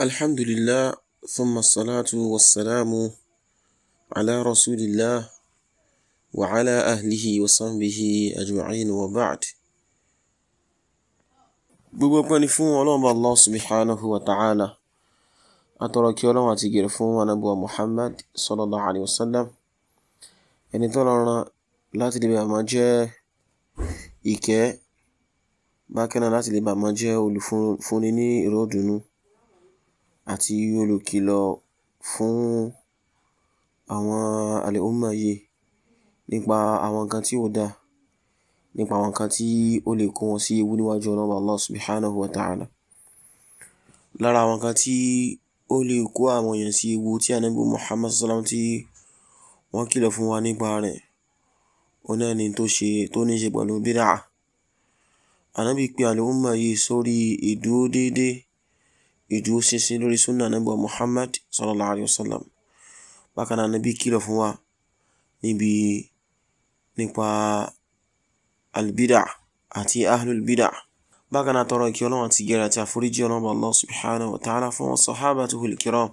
الحمد لله ثم الصلاة والسلام على رسول الله وعلى أهله وصحبه أجمعين وبعد gbogbo ọpẹ́ ni fún Ọlọ́run bá Allah subhanahu wa ta'ala atọrọ kí Ọlọ́run àti gèrè fún anabuwa Muhammad sallallahu alayhi wa sallam ẹni tó lọ́rọ̀ láti lè bàmọ́ jẹ́ ìkẹ́ bákan náà láti lè bàmọ́ jẹ́ olùfúnni ní ìròdùnú àti olùkìlọ̀ fún àwọn àlìúmmà yìí nípa àwọn nǹkan tí ò dáa nípa àwọn nǹkan tí ó lè kó wọn sí ewu níwájú ọlọ́run Allah subhanahu wa ta'ala lára àwọn nǹkan tí ó lè kó àwọn èèyàn sí ewu tí ànábì Muhammad sallam tí wọ́n kìlọ̀ fún wa nípa rẹ̀ òun náà ni tó ṣe tó ní ṣe pẹ̀lú bídà ànábì pé àlìúmmà yìí sórí ìdúró déédéé ìdúróṣinṣin lórí súnà Ànábì Muhammad sallallahu alayhi wa sallam bákan náà Ànábì kìlọ̀ fún wa níbi nípa albida àti ahlul bida bákan náà tọrọ ìkí Ọlọ́run àti gẹ̀rẹ̀ àti àforíjì Ọlọ́run Allah subhanahu wa ta'ala fún wọn sahabatuhul kiram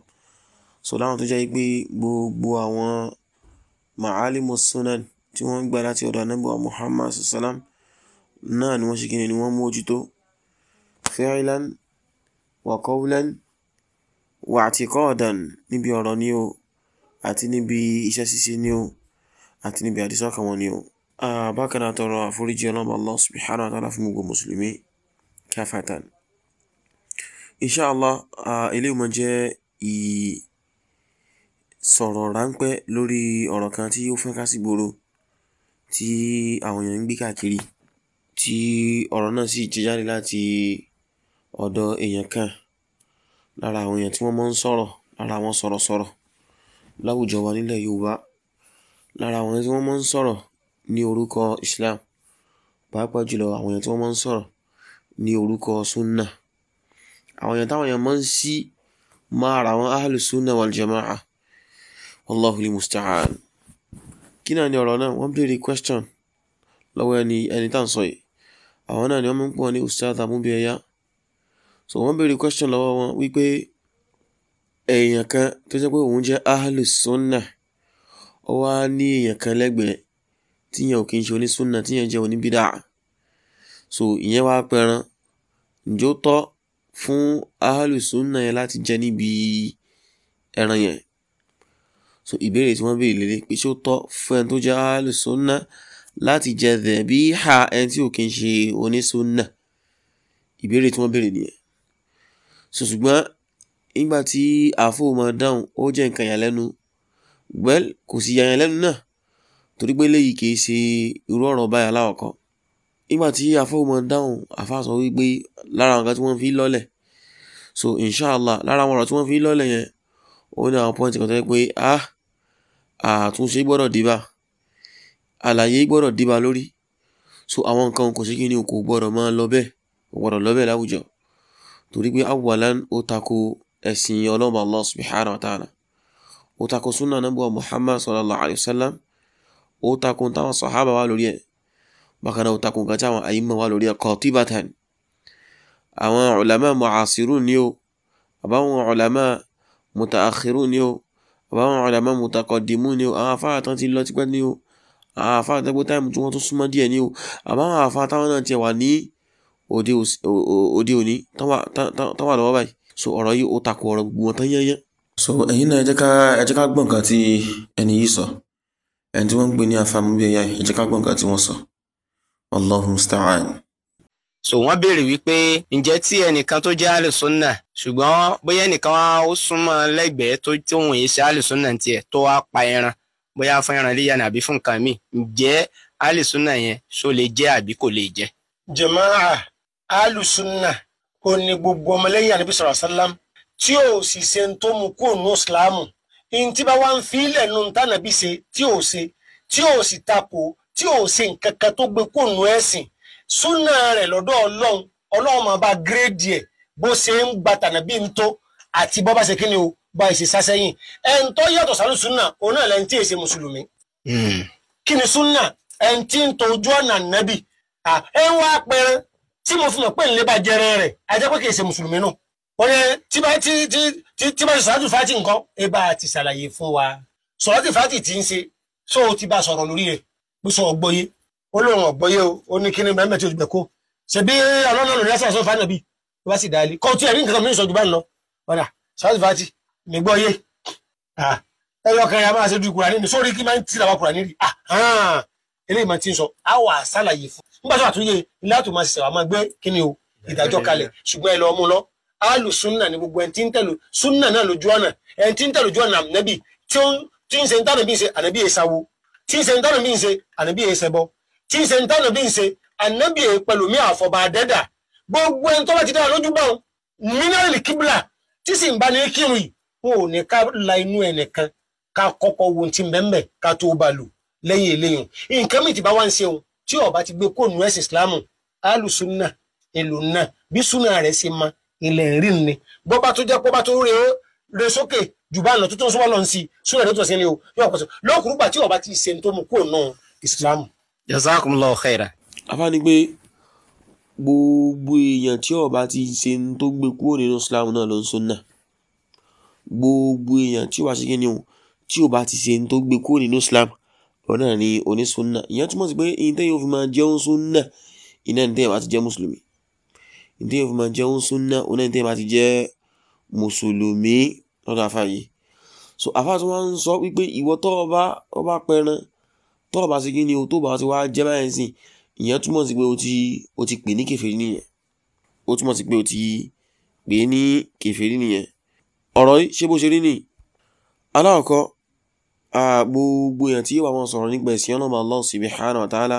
so láwọn tó jẹ́ pé gbogbo àwọn ma'alimu sunan tí wọ́n ń gbà láti ọ̀dọ̀ Ànábì Muhammad sallallahu náà ni wọ́n ṣe kí ni wọ́n mójútó fi'lan wa qawlan wa i'tiqadan níbi ọ̀rọ̀ ni o àti níbi iṣẹ́ ṣíṣe ni o àti níbi àdìsọ́kàn wọn ni o. bákan náà tọrọ àforíjì ọlọ́mọ Allah subhanahu wa ta'ala fún gbogbo mùsùlùmí káfàtàn. inshallah eléyìí máa jẹ́ ìsọ̀rọ̀ ráńpẹ́ lórí ọ̀rọ̀ kan tí ó fẹ́ ká sí gbòòrò tí àwọn èèyàn ń gbé káàkiri tí ọ̀rọ̀ náà sì jẹ́ jáde láti ọ̀dọ̀ èèyàn kan lára àwọn èèyàn tí wọ́n máa ń sọ̀rọ̀ lára àwọn sọ̀rọ̀sọ̀rọ̀ láwùjọ wa nílẹ̀ Yorùbá lára àwọn tí wọ́n máa ń sọ̀rọ̀ ní orúkọ Islam pàápàá jùlọ àwọn èèyàn tí wọ́n máa ń sọ̀rọ̀ ní orúkọ Sunnah àwọn èèyàn táwọn èèyàn máa ń sí máa ra àwọn ahlu Sunnah wal Jama'ah wallahu li mustaan kí náà ni ọ̀rọ̀ náà wọ́n béèrè question lọ́wọ́ ẹni ẹni tá à ń sọ yìí àwọn náà ni wọ́n máa ń pọ̀ ní ustaz amúbíẹ̀yà So wọ́n béèrè question lọ́wọ́ wọn wípé èèyàn kan tó jẹ́ pé òun jẹ́ ahlu sunna ó wá ní èèyàn kan lẹ́gbẹ̀ẹ́ tíyàn ò kí ń ṣe onísunna tíyàn jẹ́ oníbídà so ìyẹn wá pẹran ǹjọ́ tọ́ fún ahlu sunna yẹn láti jẹ níbi ẹran yẹn so ìbéèrè tí wọ́n béèrè lélẹ̀ pé ṣé ó tọ́ fún ẹni tó jẹ́ ahlu sunna láti jẹ dẹ̀ bí ha ẹni tí ò kí ń ṣe onísunna ìbéèrè tí wọ́n béèrè nìyẹn so ṣùgbọ́n nígbà tí àáfò máa dáhùn ó jẹ́ nǹkan ìyàlẹ́nu well kò sì yàyàn lẹ́nu náà torí pé léyìí kì í ṣe irú ọ̀rọ̀ báyà láwọ̀kọ́ nígbà tí àáfò máa dáhùn àáfà sọ wípé lára nǹkan tí wọ́n fi lọ́lẹ̀ so inshallah lára àwọn ọ̀rọ̀ tí wọ́n fi lọ́lẹ̀ yẹn ó ní àwọn pọ́ǹtì kan tó yẹ pé ah àtúnṣe gbọ́dọ̀ dìbà àlàyé gbọ́dọ̀ dìbà lórí so àwọn nǹkan kò sí kí ni kò gbọ́dọ̀ máa lọ bẹ́ẹ̀ kò gbọ́dọ̀ lọ bẹ́ẹ̀ láwùjọ torí pé awalan ó tako ẹ̀sìn ọlọ́mọ allah subhanahu wa ta'ala ó tako sunna nabuwa muhammad sallallahu alayhi wa sallam ó tako táwọn sahaba wà lórí ẹ̀ bákan náà ó tako nǹkan tí àwọn àyímọ̀ wà lórí ẹ̀ qatibatan àwọn ulama mu'asirun ni o àbáwọn ulama mutaakhirun ni o àbáwọn ulama mutaqaddimun ni o àwọn afárá tán ti lọ tipẹ́ ni o àwọn afárá tẹ́gbẹ́ táìmù tí wọ́n tún súnmọ́ díẹ̀ ni o àbáwọn afárá táwọn náà ti wà ní òde òní tán lọ́wọ́ báyìí so ọ̀rọ̀ yìí ó takò ọ̀rọ̀ gbogbo wọn tán yẹ́yẹ́. so ẹ̀yin náà ká ká tí ẹni yìí sọ ẹni tí wọ́n ń ní ká tí wọ́n sọ so wọ́n béèrè wípé ǹjẹ́ tí ẹnìkan tó jẹ́ ṣùgbọ́n bóyá ẹnìkan ó súnmọ́ lẹ́gbẹ̀ẹ́ tó yìí ṣe pa ẹran bóyá fún ẹran alùsùnà ò ní gbogbo ọmọlẹ́yìn àníbi sọ̀rọ̀ sálám tí ò sì ṣe ń tó mu kó nù ìsìláàmù ntí bá wá ń fi ilẹ̀ nu tànàbí ṣe tí ò ṣe tí ò sì takò tí ò ṣe nǹkan kan tó gbé kó nù ẹ̀sìn súnà rẹ̀ lọ́dọ̀ ọlọ́run ọlọ́run máa bá gírèdì ẹ̀ bó ṣe ń gba tànàbí ń tó àti bọ́ bá ṣe kí ni o bá ṣe sásẹ́yìn ẹn tó yàtọ̀ sálù súnà òun náà lẹ́yìn tí èsè mùsùlùmí. Hmm. kí ni súnà ẹn tí ń tọ́jú ọ̀nà nàbì ẹ ń wá pẹran tí mo fi hàn pé nílé bá jẹrẹ rẹ ajá pé kì í ṣe mùsùlùmí nù wọn yẹ tí bá tí tí tí tí bá ṣe sọ́ọ́tì fati nǹkan ẹ bá ti ṣàlàyé fún wa sọ́ọ́tì fati ti ń ṣe ṣó o ti bá sọ̀rọ̀ lórí rẹ̀ bí sọ ọgbọ́yé ó lóun ọgbọ́yé o ó ní kíni mẹ́mẹ́ tí o gbẹ̀ kó ṣe bí ọlọ́run lórí ẹ̀sán sọ́ọ́tì fati bí ó bá sì dá ilé kóòtù ẹ̀rí nǹkan mìíràn sọ́jú bá ń lọ ọ̀dà sọ́ọ́tì fati mi gbọ́ yé ẹ yọ kan ya máa ṣe ju kùrà nínú sórí kí máa ń tì làwọn kùrà nínú eléyìí máa ti ń sọ á wà nígbà tó àtúnyẹ láti máa ṣẹ̀wá máa gbé kíni o ìdájọ́ kalẹ̀ ṣùgbọ́n ẹ lọ mú lọ áàlù súnà ni gbogbo ẹni tí ń tẹ̀lé súnà náà lójú ọ̀nà ẹni tí ń tẹ̀lé ojú ọ̀nà ànábì tí ń ṣe ń tánà bí ń ṣe ànábì èsàwò tí ń ṣe ń tánà bí ń ṣe ànábì èsẹ̀bọ tí ń ṣe ń tánà bí ń ṣe ànábì pẹ̀lúmí àfọ̀bà àdẹ́dà gbogbo ẹni tó bá ti dára lójú bọ̀ mínírààlì kíbla tí sì ń bá ní kírun yìí wọn ò ní ká la inú ẹ̀ nìkan ká kọ́kọ́ wo ti mẹ́mẹ́ ká tó bá lù lẹ́yìn eléyìí nǹkan mìtì bá wá ń ṣe òun tí ó bá ti gbé kóònù ẹ̀sìn ìsìláàmù alùsùnà èlò náà bí súnà rẹ̀ ṣe ma ilẹ̀ ń rí ni bó bá tó jẹ́ pé ó bá tó rè é rè sókè jù bá lọ tuntun sọ́wọ́ lọ sí súnà rẹ̀ tó sì ní o yóò pọ̀ sí lọ́kùnrùgbà tí ó bá ti ṣe tó mu kóònù ìsìláàmù. jazakumullahu khaira. afa ni pé gbogbo èèyàn tí ó ti ṣe tó gbé kúrò nínú islam náà ló ń súnà gbogbo èèyàn tí ó bá ṣe kí tó gbé kúrò nínú islam òun náà ni onísúnà ìyẹn túmọ̀ sí pé ìyẹn tẹ́yìn òfin máa jẹun súnà iná ní tẹ́yìn bá ti jẹ́ mùsùlùmí ìyẹn tẹ́yìn òfin máa jẹun súnà òun náà ní tẹ́yìn bá ti jẹ́ mùsùlùmí lọ́dọ̀ afá yìí so afá tí wọ́n ń sọ wípé ìwọ tọ́ ọba ọba pẹran tọ́ ọba sí kíni o tó bá ti wá jẹ́ báyìí sìn ìyẹn túmọ̀ sí pé o ti o ti pè ní kèfèrí nìyẹn ó túmọ̀ sí pé o ti pè ní kèfèrí nìyẹn ọ̀rọ̀ yìí ṣé bó ṣe rí nìyí aláwọ̀kọ́ gbogbo èèyàn tí yóò wá wọn sọ̀rọ̀ nípa ẹ̀sìn ọlọ́mọ Allah subhanahu wa ta'ala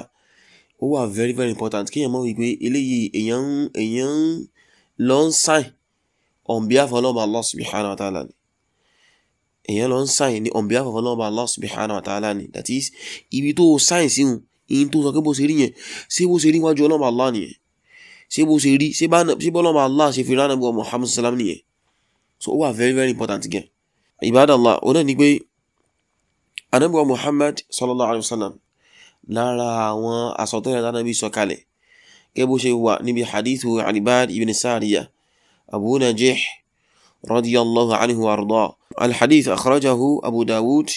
ó wà very very important kéèyàn mọ̀ wípé eléyìí èèyàn èèyàn ń lọ ń sign on behalf of ọlọ́mọ Allah subhanahu wa ta'ala ni èèyàn lọ ń sign ní on behalf of ọlọ́mọ Allah subhanahu wa ta'ala ni that is ibi tó o sign sí hun èyí tó sọ pé bó ṣe rí yẹn ṣé bó ṣe rí wájú ọlọ́mọ Allah nìyẹn ṣé bó ṣe rí ṣé bọ́ Allah ṣe fi ránà Muhammad sallam nìyẹn so ó wà very very important again Ibadallah ó náà ní anábíwá muhammad sallallahu alayhi wa sallam lára àwọn àsọtẹ́lẹ̀ tánàbí sọ̀kalẹ̀ gẹ́gẹ́ bó ṣe wà níbi hadithu alibad ibn sariya abu najih radiyallahu anhu arda alhadith akhrajahu abu dawud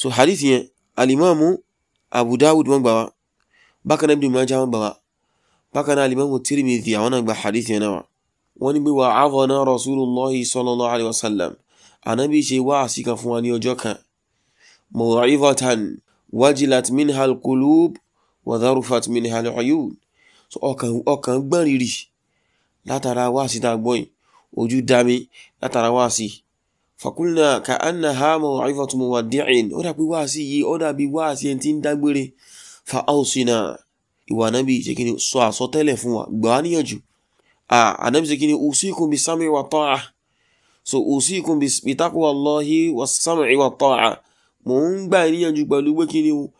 so hadith yẹn alimamu abu dawud wọn gbawa bákan náà ibn majah wọn gbawa bákan náà alimamu tirmidhi àwọn náà gba hadith yẹn náà wọ́n ní pé wà á fọ́nà rasulullahi sallallahu alayhi wa sallam anábì ṣe wá àsìkan fún wa ní ọjọ́ kan maw'izatan وجلت منها القلوب wa منها العيون، uyun so ọkàn ọkàn gbọ́n rírì látara wáàsí tá a gbọ́ yìí ojú dami látara wáàsí fàkúlnà ka anna ha maw'izatu muwaddi'in ó dàbí wáàsí yìí ó dàbí wáàsí ẹni tí ń dágbére fa ausina ìwà anábì ṣe kí ni sọ àsọtẹ́lẹ̀ fún wa gbà á níyànjú anábì ṣe kí ni usikum bis sam'i wa ta'a so usikum bi taqwa Allahi was sam'i wa ta'a mò ń gbà níyànjú pẹ̀lú pé kí ni o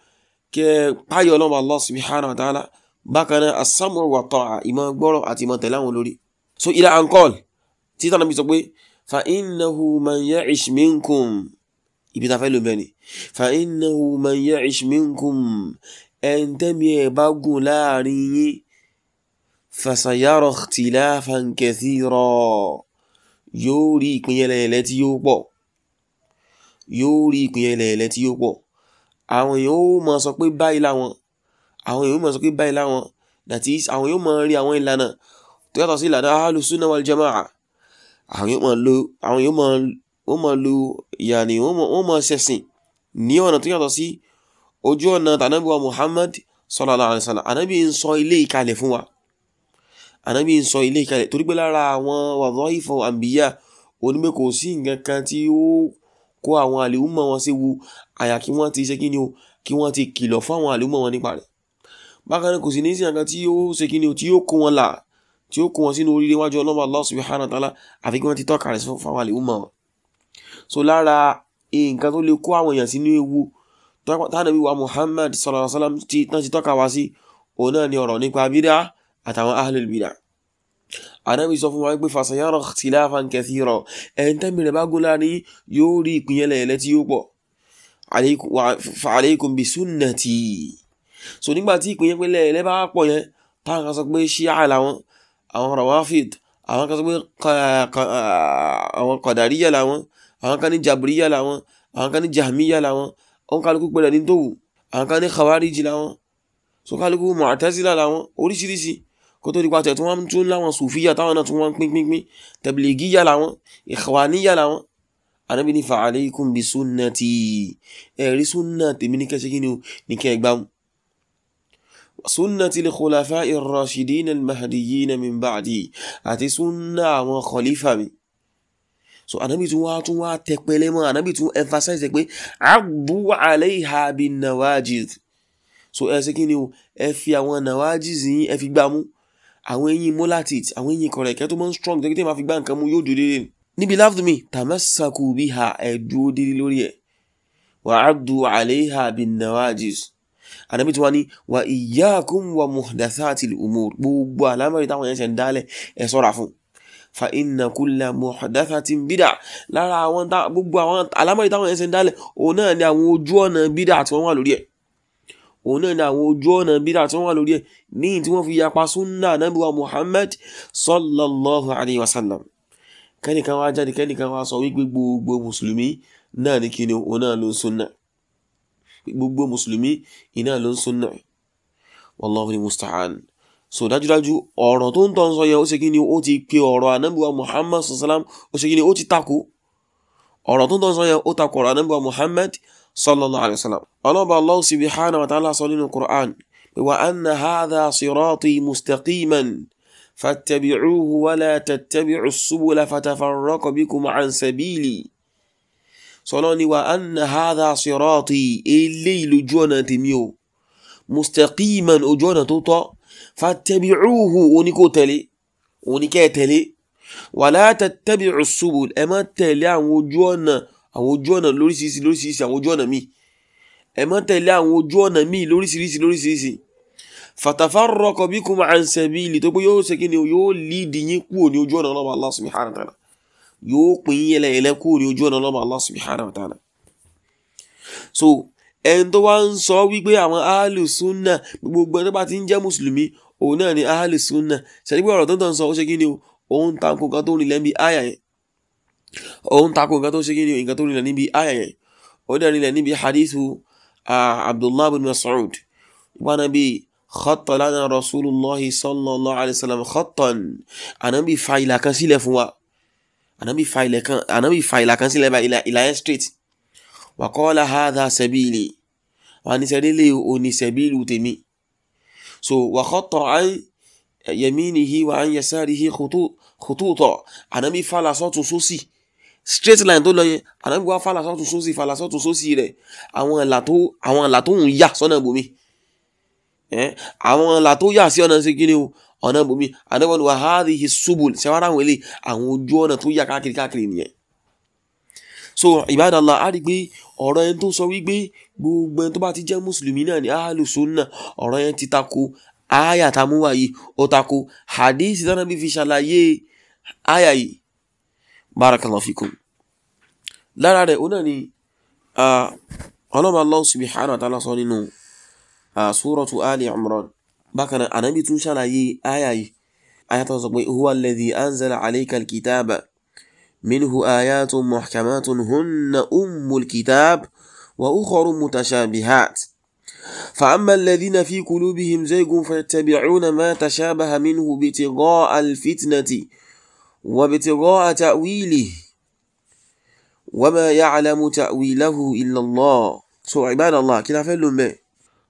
kẹ páyọ̀ ọlọ́mọ Allah subhanahu wa ta'ala bákan náà as-sam'u ìmọ̀ gbọ́rọ̀ àti ìmọ̀ tẹ̀lé àwọn olórí so ila ankol títà náà bí sọ pé fa innahu man ya'ish minkum ibi ta fẹ́ lò bẹ́ẹ̀ ni fa innahu man ya'ish minkum ẹ̀ǹtẹ́mi ẹ̀ bá gùn láàrin yín fasayara ikhtilafan kathira yóò rí ìpínyẹlẹ̀ ẹ̀lẹ́ tí yóò pọ̀ yóò rí ìpìnyẹ̀lẹ̀ ẹ̀lẹ́ tí yóò pọ̀ àwọn èèyàn ó mọ sọ pé báyìí láwọn àwọn èèyàn ó mọ sọ pé báyìí láwọn that is àwọn èèyàn ó mọ rí àwọn ìlànà tó yàtọ̀ sí ìlànà ahlu sunna wal jamaa àwọn èèyàn ó mọ lo àwọn èèyàn ó mọ lo yàní ó mọ ṣẹ̀sìn ní ọ̀nà tó yàtọ̀ sí ojú ọ̀nà tànàbí wa Muhammad sallallahu alaihi wasallam ànábì ń sọ ilé ìkalẹ̀ fún wa ànábì ń sọ ilé ìkalẹ̀ torí pé lára àwọn wadhaifu anbiya onímọ̀ kò sí nǹkan kan tí ó kó àwọn àlèhùnmọ́ wọn sí wu àyà kí wọ́n ti ṣe kí ni o kí wọ́n ti kìlọ̀ fún àwọn àlèhùnmọ́ wọn nípa rẹ̀ bákan náà kò sí ní sí nǹkan tí yóò ṣe kí ni o tí yóò kó wọn là tí yóò kó wọn sínú oríire wájú ọlọ́mọ Allah subhanahu wa àfi kí wọ́n ti tọ́ka rẹ̀ fún àwọn àlèhùnmọ́ wọn so lára nǹkan tó lè kó àwọn èèyàn sínú ewu tánàbí wa Muhammad sallallahu alaihi wasallam ti tán ti tọ́ka wá sí òun náà ni ọ̀rọ̀ nípa bídà àtàwọn ahlul bídà anabi sọ fún wa pé fasayara ikhtilafan kathira ẹ̀ńtẹ́mìrẹ̀ bá gúnlá ní yóò rí ìpínyẹlẹ̀ ẹ̀lẹ́ tí yóò pọ̀ fa alaykum bi sunnati so nígbà tí ìpínyẹlẹ̀ ẹ̀lẹ́ bá pọ̀ yẹn táwọn kan sọ pé ṣíà làwọn àwọn rawafid àwọn kan sọ pé àwọn kọ̀dàríyà làwọn àwọn kan ní jabiriya làwọn àwọn kan ní jahmiya làwọn àwọn kálukú pẹ̀lẹ́ ní tòwù àwọn kan ní khawariji làwọn so kálukú mu'tazila làwọn oríṣiríṣi kó tó nípa tẹ̀ tí wọ́n tún láwọn sùfíyà táwọn náà tún wọ́n pínpínpín tẹ̀bìlìgíyà làwọn ìkhwàníyà làwọn anábì ní fa alaykum bí súnà tí ẹ̀rí súnà tèmi ní kẹ́sẹ́ kí ni ní kẹ́ gbá mu súnà tí lè khulafa ir-rashidin al-mahdiyyin min ba'di àti súnà àwọn khalifa mi so anabi tún wá tún wá tẹpẹlẹ mọ anabi tún emphasize pé abu alayha bin nawajid so ẹ ṣe kí ni o ẹ fi àwọn nawajid yín ẹ fi gbá mú àwọn eyín molar teeth àwọn eyín kọ̀rẹ̀kẹ́ tó máa ń strong tó kí tèmi máa fi gbá nǹkan mu yóò dúró déédéé níbi láfùdùmí tàmẹ́sàkù bí ha ẹ̀ dúró déédéé lórí ẹ̀ wà á du àléhà bin nawajis àdàbí tí wọ́n ní wà iyyakum wa muhdathatil umur gbogbo àlámọ̀rí táwọn yẹn ṣe ń dálẹ̀ ẹ̀ sọ́ra fún fa inna kulla muhdathatin bidà lára àwọn gbogbo àlámọ̀rí táwọn yẹn ṣe ń dálẹ̀ òun náà ni àwọn ojú ọ̀nà bidà tí wọ́n wà lórí ẹ̀ òun náà ni àwọn ojú ọ̀nà bídà tí wọ́n wà lórí ẹ̀ ní tí wọ́n fi yapa súnà ànábì wa Muhammad sallallahu alayhi wa sallam kẹ́nìkan wá jáde kẹ́nìkan wá sọ wípé gbogbo mùsùlùmí náà ní kíni òun náà ló ń súnà gbogbo mùsùlùmí iná ló ń súnà wallahu ni musta'an so dájúdájú ọ̀rọ̀ tó ń tọ́ sọ yẹn ó ṣe kíni ó ti pe ọ̀rọ̀ ànábì wa Muhammad sallallahu alayhi wa sallam ó ṣe kíni ó ti takò ọ̀rọ̀ tó ń tọ́ sọ yẹn ó takò ọ̀rọ̀ ànábì wa Muhammad sallallahu صلى الله عليه وسلم أنا الله سبحانه وتعالى صلينا القرآن وأن هذا صراطي مستقيما فاتبعوه ولا تتبعوا السبل فتفرق بكم عن سبيلي صلى الله عليه وسلم وأن هذا صراطي الليل جونة ميو مستقيما أجونة توتا فاتبعوه ونكوتلي ونكاتلي ولا تتبعوا السبل أما تلي عن وجونة àwọn ojú ọ̀nà lóríṣiríṣi lóríṣiríṣi àwọn ojú ọ̀nà míì ẹ má tẹ̀lé àwọn ojú ọ̀nà míì lóríṣiríṣi lóríṣiríṣi fatafarraqa bikum an sabili tó pé yóò ṣe kí ni yóò líìdì yín kúrò ní ojú ọ̀nà ọlọ́mọ Allah subhanahu wa ta'ala yóò pín yẹlẹyẹlẹ kúrò ní ojú ọ̀nà ọlọ́mọ Allah subhanahu wa ta'ala. so ẹni tó wá ń sọ wípé àwọn ahlùsúnà gbogbo ẹni tó bá ti ń jẹ́ mùsùlùmí òun náà ni ahlùsúnà ṣàdígbò ọ̀rọ̀ tó ń tàn sọ ó ṣe kí ni o òun ta nǹkan kan tó ń rìn lẹ́mí áyà yẹn òun takò nǹkan tó ṣe kí ni nǹkan tó rinlẹ̀ níbi ayà yẹn ó dẹ̀ rinlẹ̀ níbi hadithu abdullahi bin mas'ud ìpànàbí khatta lana rasulullahi sallallahu alayhi wa sallam khattan ànábì fa ìlà kan sílẹ̀ fún wa ànábì fa ìlà kan ànábì fa ìlà kan sílẹ̀ bá ìlà yẹn straight wa qala hadha sabili wà ní sẹ́dílé òní sẹ́bílù tèmi so wa khatta an yaminihi wa an yasarihi khututa ànábì fa làsọ́tún sósì. So, straight line tó lọ yẹn ànábì wá fàlà sọ́tún sósì fàlà sọ́tún sósì rẹ̀ àwọn ìlà tó àwọn ìlà tó ń yà sọ́nà bòmí àwọn ìlà tó yà sí ọ̀nà sí kíni o ọ̀nà bòmí ànábì wọn wà his subul ṣẹwàrà àwọn ilé àwọn ojú ọ̀nà tó yà káàkiri káàkiri nìyẹn. so ibadallah á rí pé ọ̀rọ̀ yẹn tó sọ wípé gbogbo ẹni tó bá ti jẹ́ mùsùlùmí náà ní ahlu sunna ọ̀rọ̀ yẹn ti tako aya tamuwa yìí ó tako hadith tánàbí fi ṣàlàyé aya yìí barakallahu fikum lára rẹ̀ ó náà ni ọlọ́mọ Allah subhanahu wa ta'ala sọ nínú suratu Ali Imran bákan náà ànábì tún ṣàlàyé àyà yìí àyà tó sọ pé huwa alladhi anzala alayka alkitaba minhu ayatun muhkamatun hunna ummul kitab wa ukhra mutashabihat فأما الذين في قلوبهم زيغ فيتبعون ما تشابه منه ابتغاء الفتنة وابتغاء تأويله وما يعلم تأويله إلا الله سو عباد الله كلا فلو مي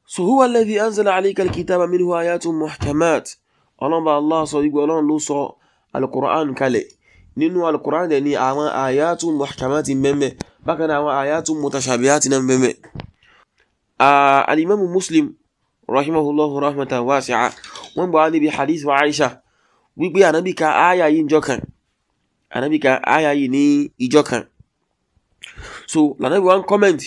سو هو الذي أنزل عليك الكتاب منه آيات محكمات ọlọ́mọba allah sọ wípé ọlọ́run ló sọ alukur'an kalẹ̀ nínú alukur'an dẹ̀ ni àwọn àyàtú muhkamati mẹ́mẹ́ bákan náà àwọn àyàtú mutashabihati náà mẹ́mẹ́. alimami muslim rahimahullahu rahmatan wasi'a wọ́n gbọ́ níbi hadith wa aisha wípé ànábì ka àyà yìí níjọ́ kan ànábì ka àyà yìí ní ìjọ́ kan so lànàbì wọn comment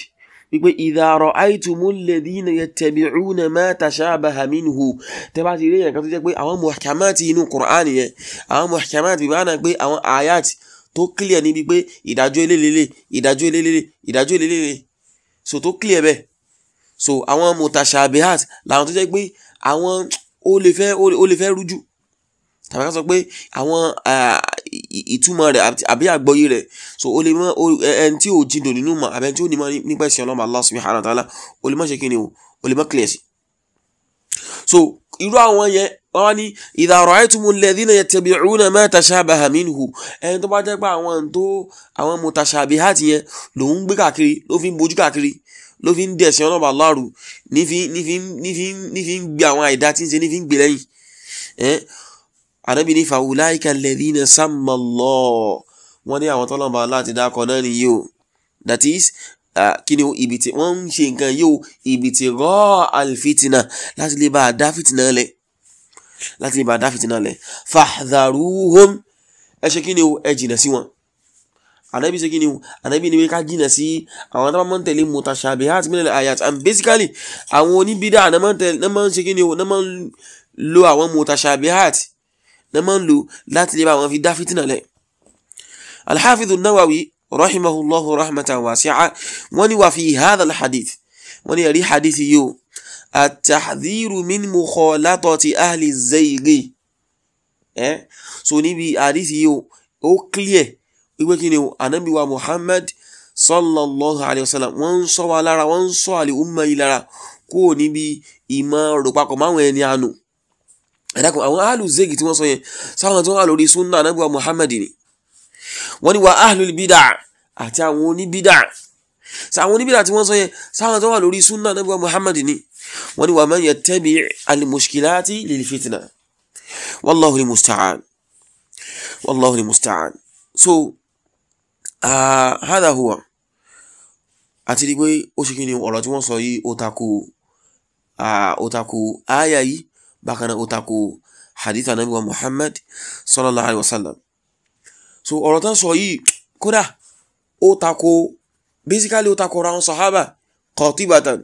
wípé idha ra'aytumul ladhina yattabi'una ma tashabaha minhu tẹ́ bá ti rí èèyàn kan tó jẹ́ pé àwọn muhkamati inú Qur'an yẹn àwọn muhkamati bí wọ́n á pé àwọn ayat tó clear níbi pé ìdájọ́ elélele ìdájọ́ elélele ìdájọ́ elélele so tó clear bẹ́ẹ̀ so àwọn mutashabihat làwọn tó jẹ́ pé àwọn ó lè fẹ́ ó lè fẹ́ rújú tàbí ká sọ pé àwọn ìtumọ̀ rẹ̀ àbí àgbọ́yé rẹ̀ so o lè mọ ẹni tí ò jindò nínú mọ̀ àbí ẹni tí ò ní mọ̀ nípa ẹ̀sìn ọlọ́mọ Allah subhanahu wa ta'ala o lè má ṣe kí ni o o lè má clear sí. so irú àwọn yẹn wọ́n wá ní idha ra'aytumul ladhina yattabi'una ma tashabaha minhu ẹni tó bá jẹ́ pé àwọn tó àwọn mutashabihat yẹn lòun gbé káàkiri ló fi ń bojú káàkiri ló fi ń dẹ̀sìn ọlọ́mọ Allah rù nífi ń gbé àwọn àìdá tí ń ṣe nífi ń gbé lẹ́yìn ànábì ní fàwùláìkà lẹ́dínà sàmàlọ́ wọ́n ní àwọn tọ́lọ́mọba láti dákọ̀ náà nìyí o that is kí ni ibi tí wọ́n ń ṣe nǹkan yìí o ibi tí rọ́ àlìfitìnà láti lè bá a dá fìtìnà lẹ̀ láti lè bá a dá fìtìnà lẹ̀ fahdharuhum ẹ ṣe kí ni o ẹ jìnà sí wọn ànábì ṣe kí ni o ànábì ni ká jìnà sí àwọn táwọn máa ń tẹ̀lé mutashabihat minal ayat and basically àwọn oníbídà náà máa ń ṣe kí ni o náà máa ń lo àwọn mutashabihat náà máa ń lò láti lè bá wọn fi dá fìtínà lẹ̀. alḥafidu nawawi rahimahullahu rahmatan wasi'a wọ́n ní wà fi hadha alhadith wọ́n ní ẹ̀rí hadith yìí o atahdhiru min mukhalatati ahli zaygi ẹ́ so níbi hadith yìí o ó clear wípé kí ni o anabi wa muhammad sallallahu alayhi wa sallam wọ́n ń sọ wa lára wọ́n ń sọ àlè umma yìí lára kó o níbi ìmọ̀ rò máwọn ẹni àánú ẹ̀dàkùn àwọn ahlù zégi tí wọ́n sọ yẹn sáwọn tó wà lórí sunna anábíwá muhammad ni wọ́n ní wa ahlù bídà àti àwọn oníbídà sáwọn oníbídà tí wọ́n sọ yẹn sáwọn tó wà lórí sunna anábíwá muhammad ni wọ́n ní wa man yattabi al-mushkilati lil fitna wallahu li musta'an wallahu li musta'an so hada huwa àti rí pé ó ṣe kí ni ọ̀rọ̀ tí wọ́n sọ yìí ó takò ó takò ááyà bákan náà ó tako hadith anabi wa muhammad sallallahu alayhi wa sallam so ọ̀rọ̀ tán sọ yìí kódà ó tako basically ó tako ra àwọn sahaba qatibatan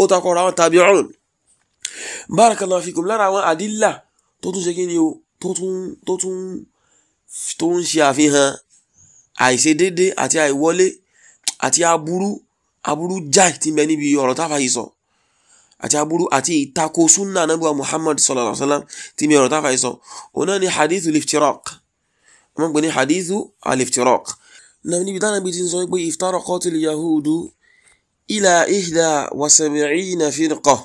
ó tako ra àwọn tabi'un barakallahu fikum lára àwọn adilla tó tún ṣe kí ni o tó tún tó tún tó ń ṣe àfihàn àìṣedéédé àti àìwọlé àti aburú aburú jáì tí ń níbi ọ̀rọ̀ táfà yìí àti aburú àti ìtako sunna anabiwa muhammad sallallahu alaihi wa sallam tí mi ọ̀rọ̀ táfà yìí sọ òun náà ni hadithu liftiraq wọ́n gbé ní hadithu aliftiraq náà níbi táwọn ibi ti ń sọ pé iftaraqatil yahudu ila ihda wa sab'ina firqa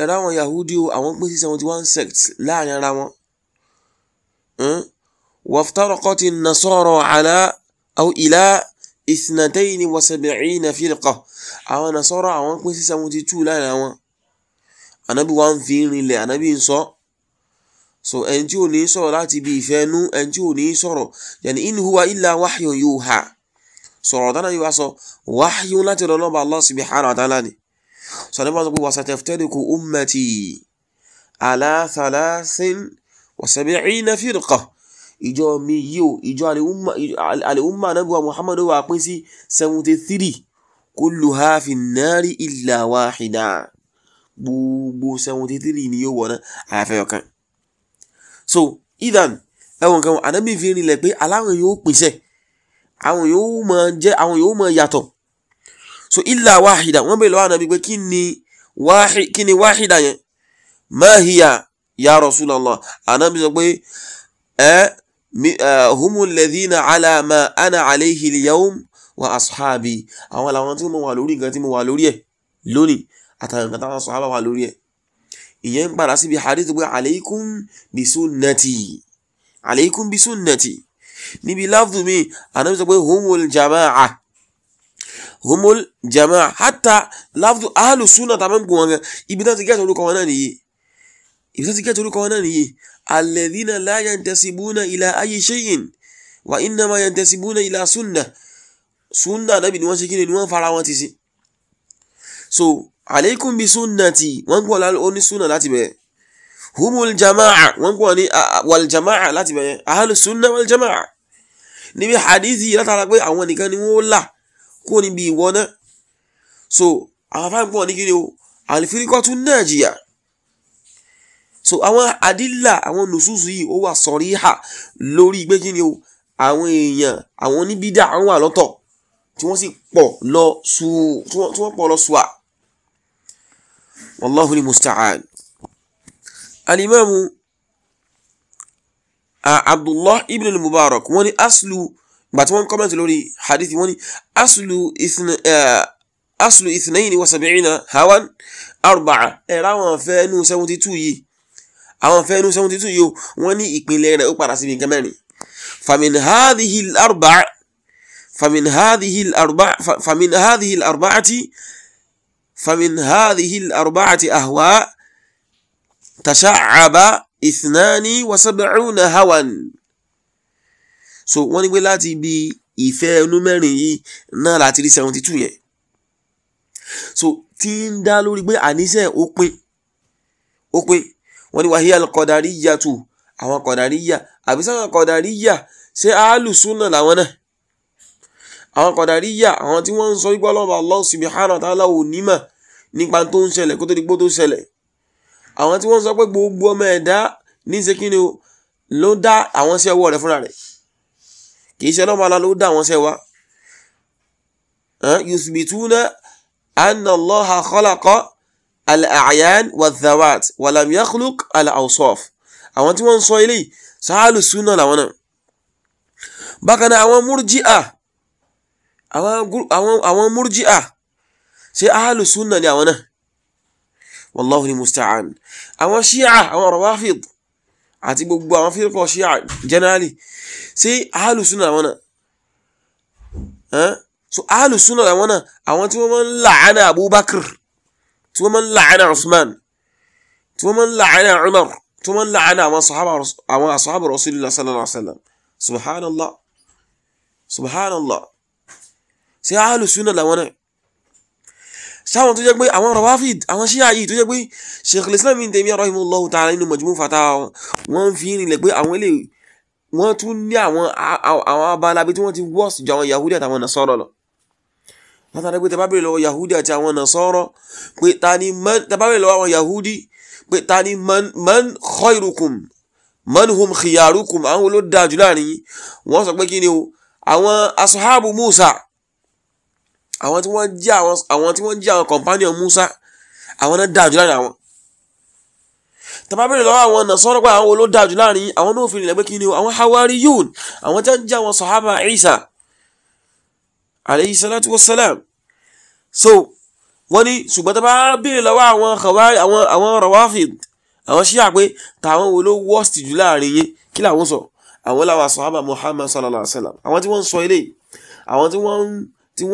ẹ̀rọ àwọn yahudi o àwọn pín sí seventy one sects láàrin ara wọn hm? waftaraqatin nasara ala aw ila ìsìnàtẹ́yìn ni wàsàbẹ̀rin na fírqa àwọn nasọ́rọ̀ àwọn pín sí seventy two lára wọn ànábì wa ń fi rinlẹ̀ ànábì ń sọ so ẹni tí ò ní sọ̀rọ̀ láti ibi ìfẹ́ nú ẹni tí ò ní sọ̀rọ̀ yàní in huwa illa wahyun yuha sọ̀rọ̀ dáná yìí wá sọ wahyun láti rọ̀ Allah subhanahu wa ta'ala ni sọ ní wọ́n sọ pé wasateftariku ummati ala thalathin wàsàbẹ̀rin na fírqa ìjọ mi yìí o ìjọ àlèhùnmá anábíwá muhammad wà pín sí seventy three kulluha finnari illa wahida gbogbo seventy three ni yóò wọ̀ àyàfẹ́ ọ̀kan. so idan ẹwọn kan anábì fi rinlẹ̀ pé aláwọn yóò pèsè àwọn yóò máa jẹ́ àwọn yóò máa yàtọ̀ so illa wahida wọ́n bèèrè lọ́wọ́ anábì pé kí ni kí ni wahida yẹn ma hiya ya rasulallah anábì sọ pé ẹ هم الذين على ما ana عليه اليوم yawm wa ashabi àwọn làwọn tí mo wà lórí nǹkan tí mo wà lórí ẹ̀ lónìí àtàwọn nǹkan táwọn sàhábà wà lórí ẹ̀ ìyẹn ń padà síbi hadith pé alaykum bisunnati alaykum bisunnati níbi láfù mi sọ pé humul jama'a humul jama'a hatta láfù ahlu sunna tàbí ń gbọ̀n wọn ibi náà ti gẹ́sọ̀ orúkọ wọn náà nìyí ìfẹ́síkẹ́ torúkọ náà nìyí alladhina la yantasibuna ila ayyi shay'in wa innama yantasibuna ila sunnah sunnah Ànábì ni wọ́n ṣe kí ni wọ́n fara wọn ti sí. so alaykum bi sunnati wọ́n kọ́ ọ ní sunnah láti bẹ̀rẹ̀ humul jama'a wọ́n kọ́ ọ ní wal jama'a láti bẹ̀rẹ̀ ahlus sunnah wal jama'a níbi hadithi látara pé àwọn nìkan ni wọ́n là kó níbi ìwọ náà so àwọn afáàpọ̀ ní kí ni o àlìfíríkọ́ tún náà jìyà so àwọn àdílà àwọn nùsùsù yìí ó wà sọ̀rí hà lórí pé kí ni o àwọn èèyàn àwọn oníbídà àwọn wà lọ́tọ̀ tí wọ́n sì pọ̀ lọ sù tí wọ́n pọ̀ lọ sù à wallahu al-musta'an alimamu abdullah ibn al-mubarak wọ́n ní aslu gbàtí wọ́n comment lórí hadithi wọ́n ní aslu ithna aslu ithnaini wa sab'ina hawan arba'a ẹ̀rọ àwọn afẹ́ nù 72 yìí àwọn fẹ́ẹ́nu seventy two yìí o wọ́n ní ìpínlẹ̀ rẹ̀ ó padà síbi nǹkan mẹ́rin famin hadhihi al-arba'a famin hadhihi al-arba'a famin hadhihi al-arba'ati famin hadhihi al-arba'ati ahwa tasha'aba ithnani wa hawan so wọ́n ní pé láti ibi ìfẹ́ ẹnu mẹ́rin yìí náà láti rí seventy two yẹn so tí ń dá lórí pé àníṣe ó pin ó pin wọ́n ní wàhíyà kọ̀dáríyà tù àwọn kọ̀dáríyà àbí sáwọn kọ̀dáríyà ṣé àálùsúnà làwọn náà àwọn kọ̀dáríyà àwọn tí wọ́n ń sọ wípé ọlọ́run Allah subhanahu wa ta'ala ò nímọ̀ nípa tó ń ṣẹlẹ̀ kó tó di pé tó ṣẹlẹ̀ àwọn tí wọ́n sọ pé gbogbo ọmọ ẹ̀dá ní ṣe o ló dá àwọn iṣẹ́ ọwọ́ rẹ̀ fúnra rẹ̀ kì í ṣe ọlọ́run Allah ló dá àwọn iṣẹ́ wa yusbituna anna Allaha khalaqa al-a'yan wal-dhawat walam yakhluq al-awsaf àwọn tí wọ́n ń sọ eléyìí sáàlù súnà làwọn náà bákan náà àwọn múrjíà àwọn múrjíà ṣe áàlù súnà ni àwọn náà wallahu ni musta'an àwọn ṣíà àwọn rawafid àti gbogbo àwọn fífọ́ ṣíà generally ṣe áàlù súnà àwọn so áàlù súnà àwọn náà àwọn tí wọ́n Abubakar tí wọ́n máa ń làánà Usman tí wọ́n máa ń làánà Umar tí wọ́n máa ń làánà àwọn asahaba rasulillah sallallahu alaihi wa sallam subhanallah subhanallah ṣé ahlu sunna làwọn náà sáwọn tó jẹ́ pé àwọn rawafid àwọn ṣíyà yìí tó jẹ́ pé sheikh islam ibn taymiyyah rahimahullahu ta'ala nínú majmu' fatawa wọ́n fi ń rinlẹ̀ pé àwọn eléyìí wọ́n tún ní àwọn abala bí tí wọ́n ti wọ́ọ̀sì ju àwọn yahudi àtàwọn nasara lọ látàrí pé tẹ́bá bèrè lọ́wọ́ yahudi àti àwọn nasọ́rọ́ pé ta ni man tẹ́bá bèrè lọ́wọ́ àwọn yahudi pé ta ni man man khairukum man hum khiyarukum àwọn ló dáa jù láàrin yín wọ́n sọ pé kí ni o àwọn asahabu musa àwọn tí wọ́n jẹ́ àwọn àwọn tí wọ́n jẹ́ àwọn companion musa àwọn náà dáa jù láàrin àwọn tẹ́bá lọ́wọ́ àwọn nasọ́rọ́ pé àwọn ló dáa jù láàrin àwọn náà alayhi salatu wa salam so wọ́n ní ṣùgbọ́n tó bá béèrè lọ́wọ́ àwọn khawarij àwọn àwọn rawafid àwọn ṣíà pé tàwọn wo ló worst jù láàrin yín kí làwọn sọ àwọn làwọn sahaba muhammad sallallahu alayhi wa sallam àwọn tí wọ́n ń sọ eléyìí àwọn tí wọ́n ń tí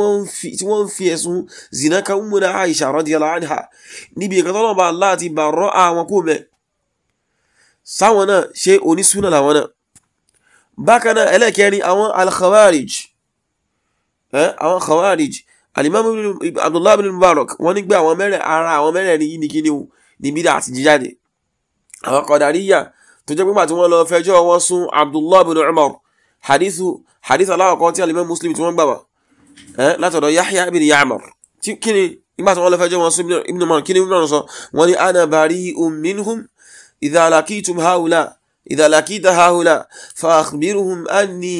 wọ́n ń fi ẹ̀sùn zina ka ummuna aisha radiyallahu anha níbi ìkan tó náà bá láti bá rọ́ àwọn kó mẹ́ sáwọn náà ṣe onísúnà làwọn náà bákan náà ẹlẹ́kẹrin àwọn al àwọn khawarij alimami abdullahi bin mubarak wọ́n ní gbé àwọn mẹ́rẹ̀ ara àwọn mẹ́rẹ̀ ní yìí ní kíni o níbi dà àti jíjáde àwọn kọ̀dáríyà tó jẹ́ pípa tí wọ́n lọ fẹjọ́ wọn sún abdullahi bin umar hadithu hadith aláwọ̀kan tí alimami muslim tí wọ́n gbà wá látọ̀dọ̀ yahya bin ya'mar kíni nígbà tí wọ́n lọ fẹjọ́ wọn sún ibn umar kíni ibn umar sọ wọ́n ní ana bari'un minhum idha laqitum haula idha fa akhbiruhum anni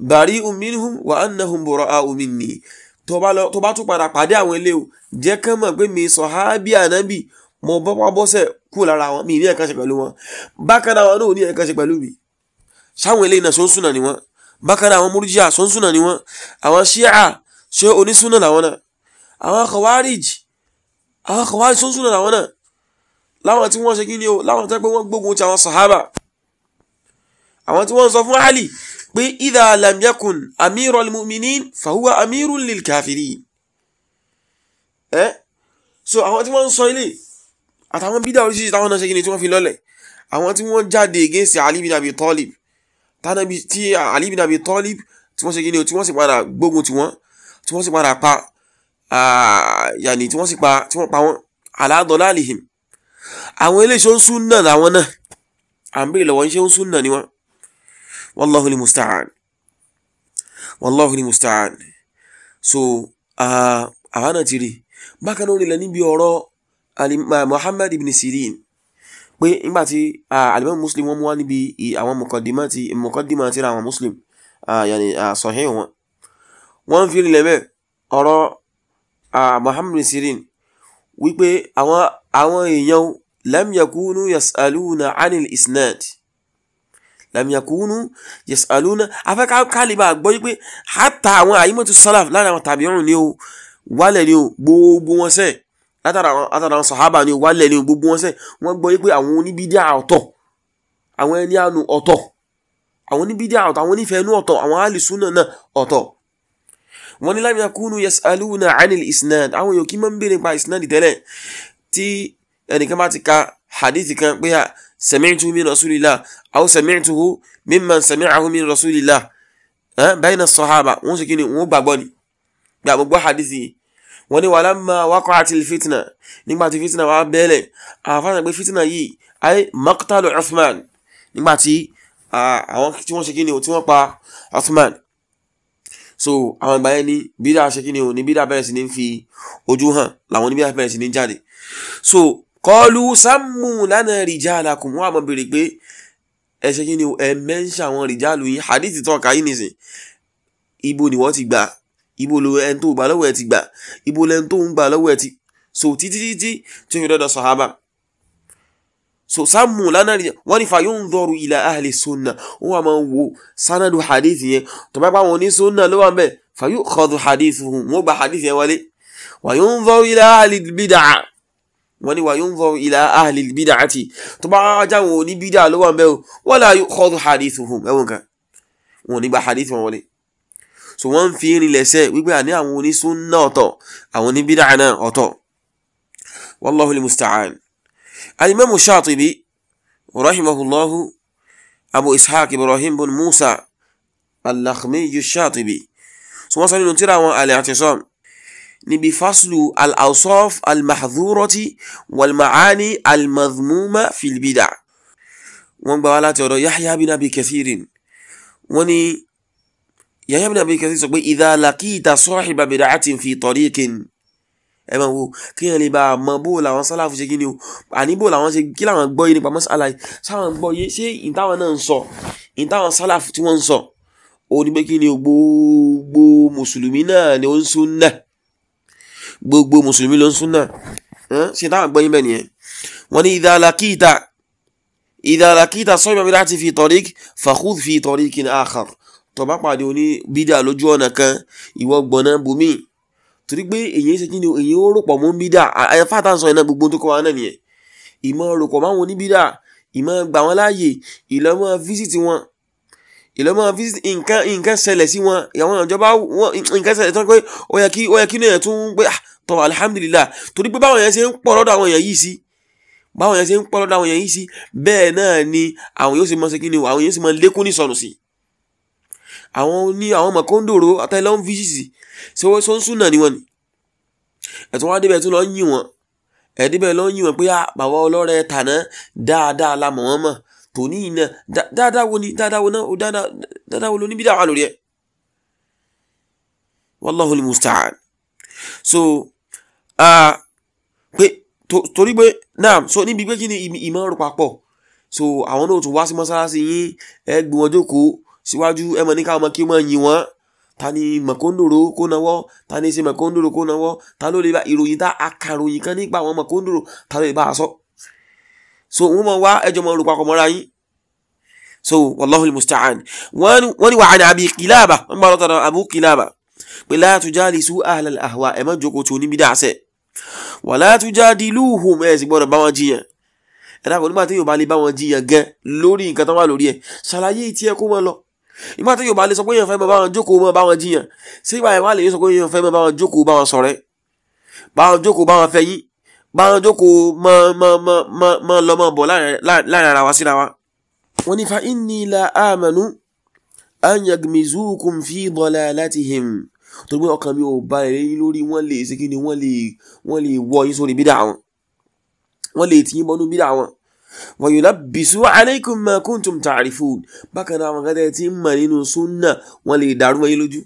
bari'un minhum wa annahum bura'u minni tó bá tún padà pàdé àwọn ilé o jẹ́ kán mọ̀ pé mi sọ̀hábí ànábì mo bọ́pá bọ́sẹ̀ kú lára wọn mi ní ẹ̀kan ṣe pẹ̀lú wọn bákan náà wọn náà ò ní ẹ̀kan ṣe pẹ̀lú mi sáwọn ilé iná sọ́nsúnà ni wọn bákan náà àwọn múrújíà sọ́nsúnà ni wọn àwọn ṣíà ṣé onísúnà làwọn náà àwọn khawarij àwọn khawarij sọ́nsúnà làwọn náà láwọn tí wọ́n ṣe kí ni o láwọn tẹ́ wọ́n gbógun ti àwọn sàhábà àwọn tí wọ́n sọ fún Ali pé idha lam yakun amirul mu'minin fahuwa amirul lil kafirin ẹ́ so àwọn tí wọ́n ń sọ ilé àtàwọn bídà oríṣiríṣi táwọn náà ṣe kíni tí wọ́n fi lọ́lẹ̀ àwọn tí wọ́n jáde against Ali bin Abi Talib tánàbí tí Ali bin Abi Talib tí wọ́n ṣe kíni tí wọ́n sì padà gbógun tí wọ́n tí wọ́n sì padà pa yàní tí wọ́n sì pa tí wọ́n pa wọ́n aláàdọ́lá àlìhìm àwọn ilé ń sún náà làwọn náà à والله المستعان والله المستعان so àwa náà ti rí bákan náà nílẹ̀ níbi ọ̀rọ̀ Muhammad ibn Sirin pé nígbà tí alimam Muslim wọn mú wá níbi àwọn mọ̀kọ́dìmá ti mọ̀kọ́dìmá ti ra àwọn Muslim yàní sọ̀hìn wọn wọ́n ń fi rinlẹ̀ bẹ́ẹ̀ ọ̀rọ̀ Muhammad ibn Sirin wípé àwọn èèyàn lam yakunu yasaluna anil isnad lamiyakunu yasaluna afẹ́ kálíbà gbọ́ yí pé hàtà àwọn àyímọ̀tò sọ́là lára àwọn tàbíùn ni o wálẹ̀ ni o gbogbo wọn sẹ́ẹ̀ látara àwọn sàhábà ni o wálẹ̀ ni o gbogbo wọn sẹ́ẹ̀ wọ́n gbọ́ yí pé àwọn oníbídíà ọ̀tọ̀ àwọn ẹni àánú ọ̀tọ̀ àwọn oníbídíà ọ̀tọ̀ àwọn onífẹ̀ẹ́nú ọ̀tọ̀ àwọn alìsúnà náà ọ̀tọ̀ wọ́n ní lamiyakunu yasaluna anil isnad sami'tuhu min rasulillah aw sami'tuhu mimman sami'ahu min rasulillah bayna sahaba wọ́n sì kíni wọ́n gbàgbọ́ ni gbàgbọ́ hadith yìí wọ́n ní walamma waqa'atil fitna nígbà tí fitna wà bẹ́ẹ̀lẹ̀ àfáàsàn pé fitna yìí ayé maqtalu Uthman nígbà tí àwọn tí wọ́n ṣe kíni tí wọ́n pa Uthman so àwọn ìgbà yẹn ni bídà ṣe kíni o ní bídà bẹ̀rẹ̀ sí ní fi ojú hàn làwọn oníbídà bẹ̀rẹ̀ sí ní jáde so kọlu sámú lánàá rijalakum wọ́n àmọ́ béèrè pé ẹ ṣe kí ni ẹ mẹ́ńṣà àwọn rijalu yín hadith tọ́ka yín nìsín ibo ni wọ́n ti gbà ibo lo ẹni tó gbà lọ́wọ́ ẹ ti gbà ibo lẹni tó ń gbà lọ́wọ́ ẹ ti so títí títí tí ó fi dọ́dọ̀ sàhábà so sámú lánàá rí wọ́n ní fàyọ̀ ń dọ̀rù ila ahli sunna wọ́n àmọ́ wo sanadu hadith yẹn tọ́ba pa wọn ní sunna ló wà ń bẹ̀ fàyọ̀ khadu hadithuhum wọ́n gba hadith yẹn wọlé wàyọ̀ ń dọ̀rù ila ahli bid'ah wọ́n ní wà yóò ń vọ ilà ahli bid'ati tó bá jáwọn oníbídà ló wà ń bẹ́ o wọ́n là yóò kọ́ hadithuhum ẹ̀wọ̀n kan wọn nígbà hadith wọn wọlé so wọ́n ń fi irin lẹ́sẹ̀ wípé àní àwọn onísúnná ọ̀tọ̀ àwọn oníbídà náà ọ̀tọ̀ wallahu li musta'an alimami shatibi rahimahullahu abu ishaq ibrahim bin musa alakhmiyu shatibi so wọ́n sọ nínú tírà wọn al-i'tisam níbi fásilù al-awsaf al-mahdhurati wal-ma'ani al-madhmuma fil-bid'a wọ́n gbà wá láti ọ̀dọ̀ yahya bin abi kathirin wọ́n ní yahya bin abi kathir sọ pé idha laqita sahiba bid'atin fi tariqin ẹ máa wo kéèyàn lè bá a mọ bó làwọn sálàfù ṣe kíni o àní bó làwọn ṣe kí làwọn gbọ́ yé nípa mọ́sálà sáwọn gbọ́ yé ṣé ìtàwọn náà ń sọ ìtàwọn sálàfù tí wọ́n ń sọ òun ni gbogbo mùsùlùmí náà ni ó ń sún náà gbogbo mùsùlùmí ló ń súnà ṣe táwọn gbọ́ yín bẹ́ẹ̀ nìyẹn wọ́n ní ìdálakíta ìdálakíta sọ́yìn bàbá láti fi tọ́rík fàkúd fi tọ́rík ní àkàr tó bá pàdé oní bídà lójú ọ̀nà kan ìwọ gbọ̀nà bùmí torí pé èyí ṣe kí ni èyí ó rò pọ̀ mọ́ bídà àyàfà tá à ń sọ iná gbogbo tó kọ́ wa náà nìyẹn ìmọ̀ rò pọ̀ máwọn oníbídà ìmọ̀ gbà wọ́n láàyè ìlọ́mọ fíṣítì wọn ìlọ́mọ fíṣítì nǹkan nǹkan ṣẹlẹ̀ sí wọn ìyàwọn ìjọba nǹkan ṣẹlẹ̀ tán pé ó yẹ kí ó yẹ kí ní ẹ̀ tún pé ah tọ́ alhamdulillah torí pé báwọn yẹn ṣe ń pọ̀ lọ́dọ̀ àwọn èèyàn yìí sí báwọn yẹn ṣe ń pọ̀ lọ́dọ̀ àwọn èèyàn yìí sí bẹ́ẹ̀ náà ni àwọn yóò ṣe mọ́ ṣe kí ni o àwọn yóò ṣe mọ́ lékún ní sọnù sí i àwọn ní àwọn mọ̀kóńdòrò àtàlẹ́wọ̀n fíṣìṣì ṣé wọ́n sọ ń súnà ni wọ́n ni ẹ̀tún wá débẹ̀ tún lọ yìn wọ́n ẹ̀díbẹ̀ lọ yìn wọ́n pé ah, bàbá ọlọ́rẹ̀ tàná dáadáa la mọ̀ wọ́n mọ̀ tòní iná dáadáa wo ni dáadáa wo náà o dáadáa wo ló níbi dáhà lórí ẹ̀ wallahul musta'an so pé torí pé náà so níbi pé kí ni ìmọ̀ ọ̀rọ̀ papọ̀ so àwọn náà tún wá sí mọ́sálásí yín ẹ gbé wọn jókòó síwájú ẹ mọ̀ ní káwọn ọmọ kí wọ́n yin wọ́n ta ni mọ̀kóńdòrò kó nawọ́ ta ni ṣe mọ̀kóńdòrò kó nawọ́ ta ló lè bá ìròyìn tá akàròyìn kan nípa àwọn mọ̀kóńdòrò ta ló lè bá a so wọ́n mọ̀ wá ẹjọ́ mọ̀ ọ̀rọ̀ papọ̀ mọ́ra yín so wallahu almusta'an wọ́n ní wà á ní abi kìláàbà wọ́n bá lọ́tọ̀ abu kìláàbà pé la tujalisu ahlal ahwa ẹ̀ jókòó tó níbi dáa sẹ́ẹ̀ wàlá tujadiluhum ẹ̀ sì gbọ́dọ̀ bá wọn jiyàn ẹ̀dá kò nígbà tí yóò bá lè bá wọn jiyàn gẹ́ lórí nǹkan tó wà lórí ẹ̀ ṣàlàyé tí ẹ kó wọn lọ ìgbà tí yóò bá lè sọ pé èèyàn fẹ́ mọ bá wọn jókòó mọ bá wọn jiyàn sí ìgbà yẹn wà lè sọ pé èèyàn fẹ́ mọ bá wọn jókòó bá wọn ṣọ̀rẹ́ bá wọn jókòó bá wọn fẹ̀yìn bá wọn jókòó mọ mọ mọ mọ mọ lọ mọ bọ̀ láàrin ara wa síra torí pé ọkàn mi ò bá èrè yín lórí wọ́n lè ṣe kí ni wọ́n lè wọ́n lè wọ yín sórí bídà wọn wọ́n lè tì yín bọ́nú bídà wọn wọ́n yóò lábìsú alaykum ma kuntum ta'rifun bákan náà àwọn kẹtẹ tí ń mọ̀ nínú súnà wọ́n lè dàrú wọn yín lójú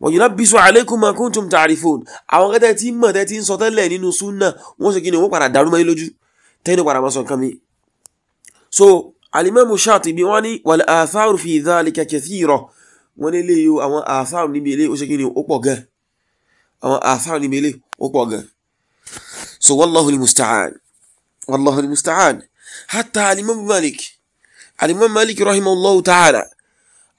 wọ́n yóò lábìsú alaykum ma kuntum ta'rifun àwọn kẹtẹ tí ń mọ̀ tẹ́ tí ń sọ tẹ́lẹ̀ nínú súnà wọ́n ṣe kí ni wọ́n padà dàrú wọn yín lójú tẹ́yìn padà máa sọ mi. so alimami Shatibi wọ́n ní wal atharu fi dhalika wọ́n ní eléyìí o àwọn àfáà níbi eléyìí ó ṣe kí ni ó pọ̀ gan àwọn àfáà níbi eléyìí ó pọ̀ gan so wallahu al-musta'an wallahu al-musta'an hatta alimam malik alimam malik rahimahullahu ta'ala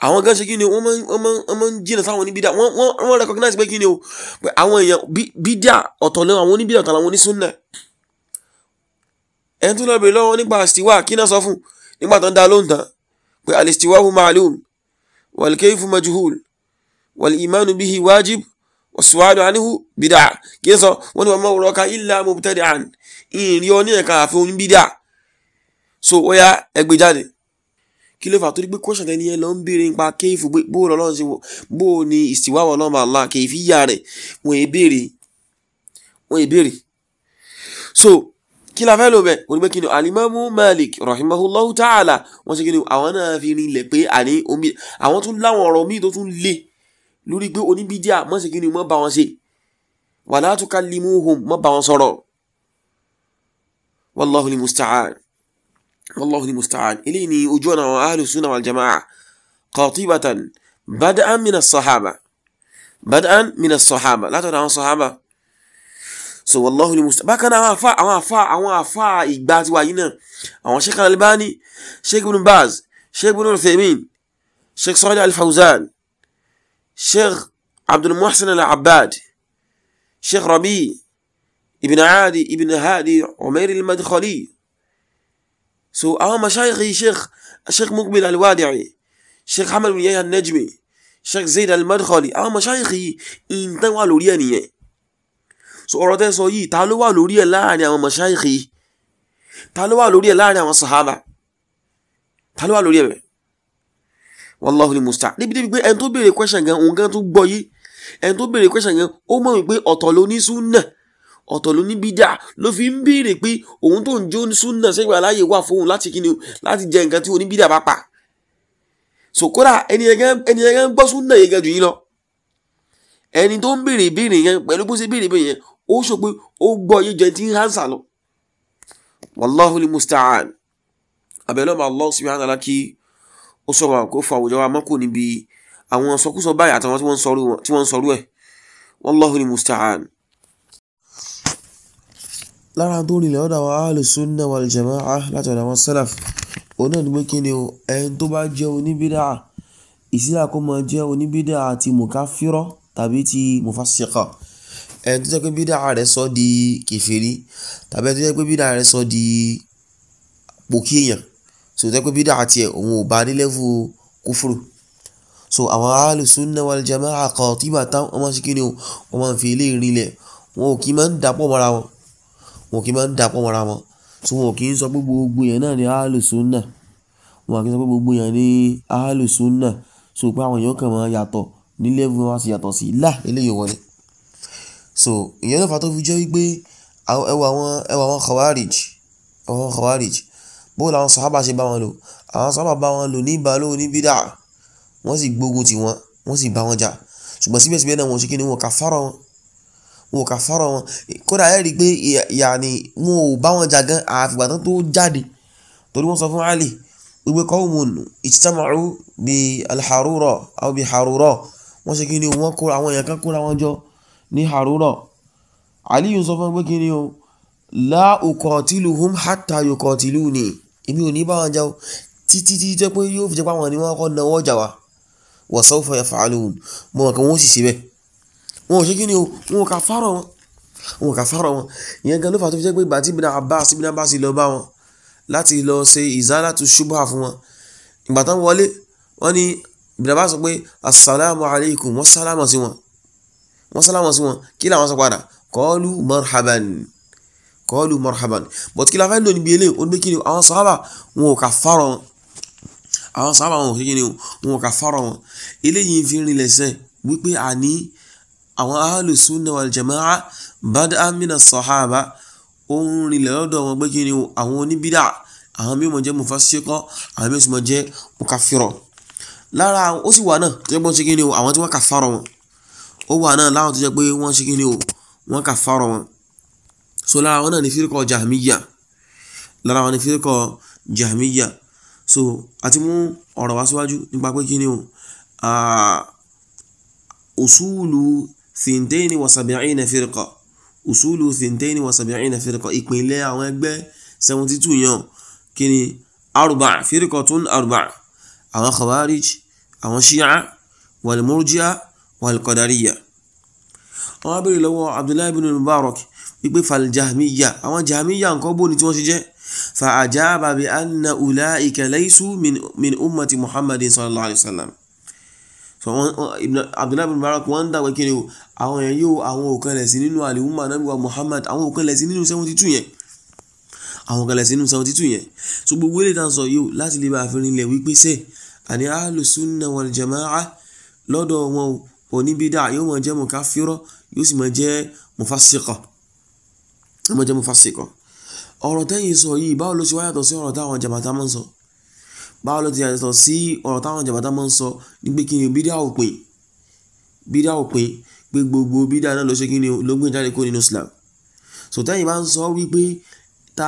àwọn gan ṣe kí ni wọ́n máa ń jìnnà sáwọn oníbídà wọ́n recognize pé kí ni o pé àwọn èèyàn bídà ọ̀tọ̀ lẹ́wọ̀n àwọn oníbídà ọ̀tọ̀ làwọn onísúnnà ẹni tó lọ bèrè lọ́wọ́ nípa àṣìwà kí náà sọ fún nígbà tó ń da lóhùn tán pé al-istiwa huwa ma'lum والكيف مجهول والإيمان به واجب والسؤال عنه bìdà kí n sọ wọn ni wọn máa wúrọ ká ilà mubtadi'an ìrìn ọ ní ẹ̀ka àfihàn bìdà so ó yá ẹgbẹ́ jáde kí ló fà torí pé kóṣàn tẹni yẹn lọ ń béèrè nípa kéyìfù pé bó lọ́lọ́ ṣe wò bó ni ìsìwáwọ̀ ọlọ́mọ àlá kéyìfì yà rẹ̀ wọ́n èbèrè wọ́n èbèrè so kí la fẹ́ lò bẹ́ẹ̀ wọ́n ní pé kí ni alimamu malik rahimahullahu ta'ala wọ́n ṣe kí ni àwọn náà fi rin ilẹ̀ pé àní omi àwọn tún láwọn ọ̀rọ̀ míì tó tún le lórí pé oníbídíà mọ́ ṣe kí ni mọ́ bá wọn ṣe wala tukallimuhum mọ́ bá wọn sọ̀rọ̀ wallahu ni musta'an wallahu ni musta'an eléyìí ni ojú ọ̀nà àwọn ahlu sunna wal jama'a qatibatan bada'an mina sahaba bada'an mina sahaba látọ̀dọ̀ àwọn sahaba so wallahu ni musta bákan náà àwọn afa àwọn afa àwọn afa ìgbà tiwa yìí náà àwọn sheikh al-albani sheikh ibn baz sheikh ibn al-faymin sheikh sọ́ọ́dì al-fawzan sheikh abdul muhsin al-abbad sheikh rabi ibn adi ibn hadi umair al-madkhali so àwọn mashayikhi sheikh sheikh mukbil al-wadi'i sheikh hamad bin yahya al-najmi sheikh zayd al-madkhali àwọn mashayikhi yìí ìntàn wà lórí ẹ̀ so ọ̀rọ̀ tẹ́ sọ yìí ta ló wà lórí ẹ̀ láàrin àwọn mọ̀ṣáìkì ta ló wà lórí ẹ̀ láàrin àwọn sàhábà ta ló wà lórí ẹ̀ bẹ̀ wallahu ni musta níbi débi pé ẹni tó béèrè question gan òun gan tó gbọ́ yìí ẹni tó béèrè question gan ó mọ̀ wípé ọ̀tọ̀ ló ní súnà ọ̀tọ̀ ló ní bídà ló fi ń béèrè pé òun tó ń jó súnà sẹ́gbà láàyè wà fóun láti kíni láti jẹ nǹkan tí oníbídà bá pa so kódà ẹni yẹn gan gbọ́ súnà yẹn gan jù yín lọ ẹni tó ń béèrè ìbéèrè yẹn pẹ̀lú bó ṣe béèrè ìbéèrè yẹn ó sọ pé ó gbọ́ yé jẹ tí ń hánsà lọ. wàláhu ni musta'an abẹ́lẹ́ ọmọ allah subhanahu wa ta'ala kí ó sọ̀rọ̀ àkó fún àwùjọ wa mọ́kò níbi àwọn sọkúsọ báyìí àtàwọn tí wọ́n ń sọrú ẹ̀ wàláhu ni musta'an. lára tó rìnlẹ̀ ọ̀dà wa ahlu sunna wal jamaa'ah láti ọ̀dà wọn salaf òun náà ni pé kí ni o ẹni tó bá jẹ́ oníbídà ìsílà kó jẹ́ oníbídà àti mùkáfírọ́ tàbí ti mùfásíkà ẹni tó jẹ́ pé bídà rẹ̀ sọ di kèfèrí tàbí ẹni tó jẹ́ pé bídà rẹ̀ sọ di pòkí èèyàn so jẹ́ pé bídà tiẹ̀ òun ò bá ní lẹ́fù kúfúrú so àwọn alùsùnà wal jamaa kan tí bá tán ọmọ sí kíni o wọ́n máa fi ilé ìrìnlẹ̀ wọn ò kí máa ń dàpọ̀ mọ́ra wọn wọn ò kí máa ń dàpọ̀ mọ́ra wọn so wọn ò kí ń sọ pé gbogbo yẹn náà ni alùsùnà wọn àkíyèsí pé gbogbo èèyàn ní ahálùsùn náà so pé àwọn èèyàn kàn máa yàtọ̀ ní level wọn sì yàtọ̀ sí là eléyìí wọlé so ìyẹn ló fà tó fi jẹ́ wípé ẹwà àwọn ẹwà àwọn khawarij ẹwà àwọn khawarij bó làwọn sahaba ṣe bá wọn lò àwọn sahaba bá wọn lò ní ìbálò ní bídà wọ́n sì gbógun tì wọ́n wọ́n sì bá wọn jà ṣùgbọ́n síbẹ̀síbẹ̀ náà wọ́n ṣe kí ni wọ́n kà fárọ̀ wọn wọ́n kà fárọ̀ wọn kódà ẹ̀rí pé yàní wọn ò bá wọn jà gan àfìgbà tó jáde torí wọ́n sọ fún Ali wípé qawmun ijtama'u bi alharura aw bi harura wọ́n ṣe kí ni wọ́n kóra àwọn èèyàn kan kóra wọn jọ ní harúrọ̀ aliyu sọ fún pé kí ni o láùkọ̀tìlúhùm hátà yòkọ̀tìlú ni èmi ò ní bá wọn jáwó títí títí jẹ́ pé yóò fi jẹ́ páwọn ni wọ́n kọ́ náwó ọjà wa wọ́n sọ fún ẹ̀fà alóhùn mọ́ wọn kan wọ́n sì ṣe bẹ́ẹ̀ wọn ò ṣe kí ni o wọn ò kà fárọ̀ wọn wọn ò kà fárọ̀ wọn ìyẹn gan ló fà tó fi jẹ́ pé ìgbà tí ibn abbas ibn abbas lọ bá wọn láti lọ ṣe ìzálàtú ṣubha fún wọn ìgbà tán wọlé wọn ni ibn abbas sọ pé assalamu alaikum wọ́n sálámọ̀ sí wọn wọ́n sálámọ̀ sí wọn kí làwọn sọ padà kọ́ọ̀lù marhaban kọ́ọ̀lù marhaban but kí la fẹ́ lò níbi eléyìí ó ní pé kí ni àwọn sàhábà wọn ò kà fárọ̀ wọn àwọn sàhábà wọn ò kí ni wọn ò kà fárọ̀ wọn eléyìí fi rinlẹ̀ sẹ́ wípé àní àwọn ahlu sunna wal jamaa bada mina sahaba ó ń rinlẹ̀ lọ́dọ̀ wọn pé kí àwọn oníbídà àwọn mímọ̀ jẹ́ mufasiqo àwọn mímọ̀ jẹ́ mukafiro ó wà náà láwọn tó jẹ́ pé wọ́n ṣe kíni o wọ́n kà fárọ̀ wọn so lára wọn náà ní fírkọ jahmiya lára wọn ní fírkọ jahmiya so àti mú ọ̀rọ̀ wá síwájú nípa pé kíni o usulu thinteni wa sabi'ina fírkọ usulu thinteni wa sabi'ina àwọn ẹgbẹ́ seventy two yan kíni arba fírkọ tún arba àwọn khawarij àwọn shia wal wàlùkọ̀dáríyà wọ́n á béèrè lọ́wọ́ abdullahi bin mubarak wípé faljahmiya àwọn jahmiya nǹkan bó ni tí wọ́n ṣe jẹ́ fa àjábà bí anna ulaika laysu min ummati muhammadin sallallahu alayhi wa sallam so wọn abdullahi bin mubarak wọ́n ń dàgbà kiri o àwọn èèyàn yóò àwọn òkan lẹ̀ sí nínú àlìwúmà nàbí wa muhammad àwọn òkan lẹ̀ sí nínú seventy two yẹn àwọn òkan lẹ̀ nínú seventy two yẹn so gbogbo eléyìí tá sọ yìí láti lè bá àfihàn ilẹ̀ wípé sẹ́ àní ahlus sunnah wọn o oníbídà yóò máa jẹ́ mùkáfírọ́ yóò sì máa jẹ́ mùfásíkọ̀ yóò máa jẹ́ mùfásíkọ̀ ọ̀rọ̀ tẹ́yìn sọ yìí báwo ló ṣe wá yàtọ̀ sí ọ̀rọ̀ táwọn jàbàtà máa ń sọ báwo ló ti yàtọ̀ sí ọ̀rọ̀ táwọn jàbàtà máa ń sọ ní pé kí ni bídà òpin bídà òpin pé gbogbo bídà náà ló ṣe kí ni ló gbìn jáde kó nínú Islam so tẹ́yìn bá ń sọ wípé tá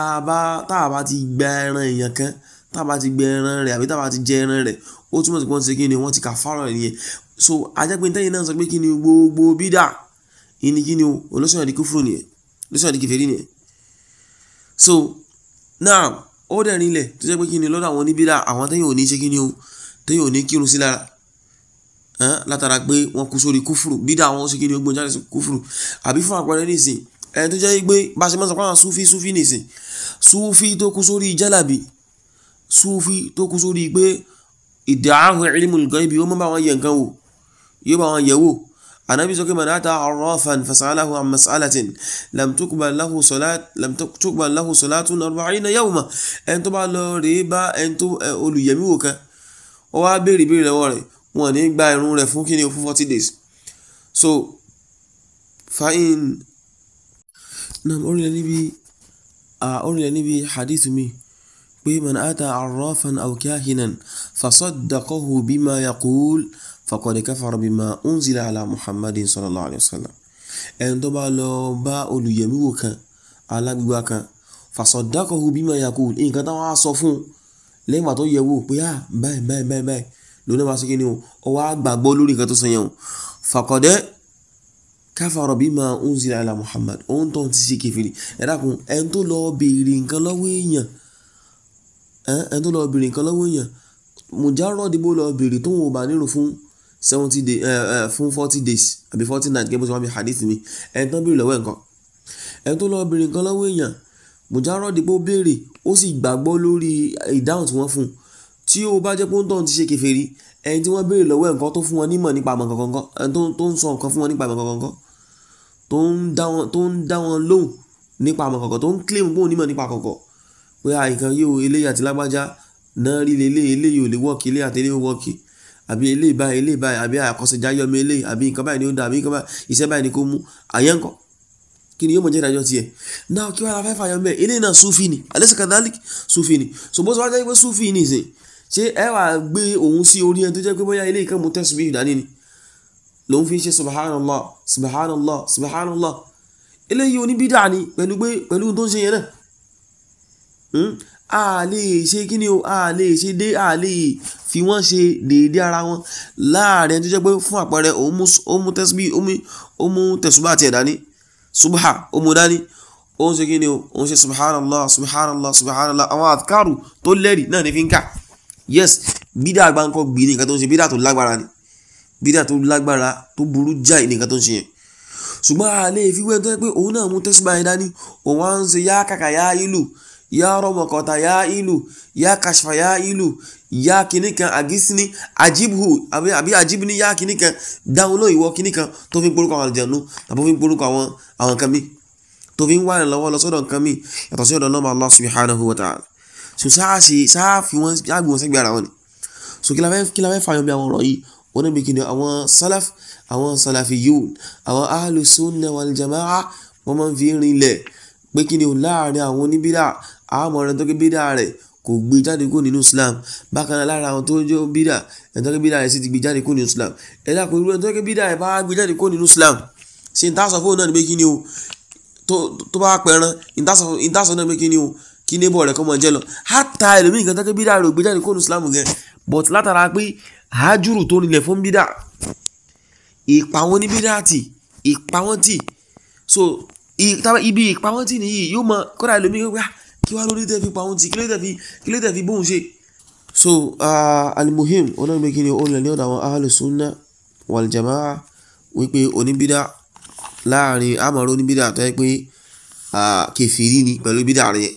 a bá ti gba ẹran èèyàn kan tá a bá ti gba ẹran rẹ̀ àbí tá a bá ti jẹ ẹran rẹ̀ ó túmọ̀ sí pé wọ́n ti ṣe kí ni wọ́n ti kà fárọ̀ ẹ̀ nìyẹn so ajẹ́pẹ́ tẹ́yìn náà sọ pé kí ni gbogbo bídà ìní kí ni o olóṣèlú àdìkú fúru nìyẹn olóṣèlú àdìkú fèrè nìyẹn so náà ó dẹ̀ rinlẹ̀ tó jẹ́ pé kí ni lọ́dọ̀ àwọn oníbídà àwọn tẹ́yìn ò ní ṣe kí ni o tẹ́yìn ò ní kírun sí lára látara pé wọ́n kú sórí kúfùrù bídà àwọn ṣe kí ni ogbon jáde sí kúfùrù àbí fún àpẹẹrẹ nìsín ẹni tó jẹ́ pé bá a ṣe máa sọ pé àwọn súfí súfí nìsín súfí tó ó mọ́ bá wọn yẹ nǹkan wò yóò bá wọn yẹ̀ wò anabi sọ pé man ata arrafan fasalahu an mas'alatin lam tuqbal lahu salat lam tuqbal lahu salatun arba'ina yawma ẹni tó bá lọ rèé bá ẹni tó olùyẹ̀míwò kan ó wá béèrè béèrè lọ́wọ́ rẹ̀ wọn ní gba irun rẹ̀ fún kíni fún forty days so fain nam orílẹ̀ níbi orílẹ̀ níbi hadith mi pé man ata arrafan aw kahinan fasaddaqahu bima yaqul faqad kafara bima unzila ala muhammadin sallallahu alayhi wa sallam ẹni tó bá lọ bá olùyẹ̀míwò kan alágbègbè kan fasaddaqahu bima yaqul nǹkan táwọn á sọ fún un lẹ́yìn ìgbà tó yẹ wò pé à ah, báyìí báyìí báyìí báyìí lónìí máa ṣe kí ni o ó wá gbàgbọ́ lórí nǹkan tó sọ yẹn o faqad kafara bima unzila ala muhammad òun tó ń ti ṣe kẹfìrì ẹ dákun ẹni tó lọ béèrè nǹkan lọ́wọ́ èèyàn ẹni tó lọ béèrè nǹkan lọ́wọ́ èèyàn mùjárọ̀dìbò lọ béèrè tóun ò bá nírò fún seventy day eh, eh, fún forty days àbí forty night gẹ́gẹ́ bó ṣe wá mi hadith mi ẹni tán béèrè lọ́wọ́ ẹ̀ nǹkan ẹni tó lọ béèrè nǹkan lọ́wọ́ èèyàn mùjárọ́dì pé ó béèrè ó sì gbàgbọ́ lórí ìdáhùn tí wọ́n fún un tí o bá jẹ́ pé ó ń tọ́ ti ṣe kèfèrí ẹni tí wọ́n béèrè lọ́wọ́ ẹ̀ nǹkan tó fún wọn nímọ̀ nípa àmọ̀ kankan ẹni tó ń sọ nǹkan fún wọn nípa àmọ̀ kankan tó ń dá wọn lóhùn nípa àmọ̀ kankan tó ń claim bóun nímọ̀ nípa kankan pé àìkan yóò eléyà àti lágbájá náà rí lélẹ̀ eléyìí ò lè wọ́ọ̀kì eléyà àti eléyìí ò wọ́ọ̀kì àbí eléyìí báyìí eléyìí báyìí àbí àkọsẹ̀jáyọ̀ mi eléyìí àbí nǹkan báyìí ni ó ń da àbí nǹkan báyìí iṣẹ́ báyìí ni kò mú àyẹ̀ ńkọ́ kí ni yóò mọ̀ jẹ́ ìdájọ́ tiẹ̀ náà kí wọ́n ra fẹ́fà yọ mẹ́ eléyìí náà súfì ni alẹ́ sìkà dálík súfì ni ṣùgbọ́n sọ wá jẹ́ pé súfì ni ìsìn ṣé ẹ wà gbé òun sí orí ẹni tó jẹ́ pé bóyá eléyìí kan mú tẹ́sùbí ìdání ni lòun fi ṣe subhanallah subhanallah subhanallah a lè ṣe kíni o a lè ṣe dé a lè fi wọ́n ṣe déédéé ara wọn láàrin tó jẹ́ pé fún àpẹẹrẹ òmu tẹ́síbí òmu tẹ̀sùbá àti ẹ̀dá ní subha òmu dání ó ń ṣe kíni o ó ṣe subhanallah subhanallah subhanallah àwọn àtikárù tó lẹ́rì náà ní fi ń kà yes bídà àgbáńkọ gbìn ní nǹkan tó ń ṣe bídà tó lágbára ni bídà tó lágbára tó burú jáì ní nǹkan tó ń ṣe yẹn ṣùgbọ́n a lè fi wẹ́n tó yẹ pé òun náà mú tẹ́síbá ẹ̀dá òun á ń ṣe yá kàkà yá ìlú ya rọbọkọta ya ilu ya kashfa ya ilu ya kinikan agisini ajibhu àbí àbí ajibini ya kinikan dáhùn lóyìn wọ kinikan tó fi ń porúkọ àwọn àlùjànnú tàbí fi ń porúkọ àwọn àwọn nǹkan mi tó fi ń wá ìrànlọ́wọ́ lọ sọ́dọ̀ nǹkan mi yàtọ̀ sí ọ̀dọ̀ nọ́mà Allah subhanahu wa ta'ala so sáàsì sáàfì wọn sáàgbì wọn sẹ́gbẹ̀ẹ́ ara wọn ni so kí la fẹ́ kí la fẹ́ fàyọ̀ bí wọn níbi kí ni salaf àwọn salafiyun àwọn ahlu sunna wal jama'a wọn máa ń fi rinlẹ̀ pé kí ni láàrin àwọn oníbílà àmọ́ ẹni tó ké bídà rẹ̀ kò gbé jáde kó nínú Islam bákan náà lára àwọn tó ń jẹ́ bídà ẹni tó ké bídà rẹ̀ sì ti gbé jáde kó nínú Islam ẹ̀dá kò irú ẹni tó ké bídà rẹ̀ bá gbé jáde kó nínú Islam ṣe ìtàsọ̀ fóònù náà ni pé kí ni o tó bá pẹran ìtàsọ̀ náà ni pé kí ni o kí nébọ̀ rẹ̀ kọ́ mọ̀ jẹ́ lọ hátà ẹlòmíì nǹkan tó ké bídà rẹ̀ gbé jáde kó nínú Islam gẹ̀ but látara pé àájúrù tó nílẹ̀ fún bídà ìpàwọn ní bídà ibi ìpàwọn tì nìyí yóò mọ kódà ẹlòmíì kí wá lórí tẹ́ fi pa òun tì kí ló tẹ́ kí ló tẹ́ fi so alimuhim onáìgbé kí ni ó lẹ̀ ní ọ̀dọ̀ àwọn ahlu sunna jamaa wípé oníbídà láàrin amọ̀rọ̀ oníbídà tó yẹ pé kẹfìrí ni pẹ̀lú bídà rẹ̀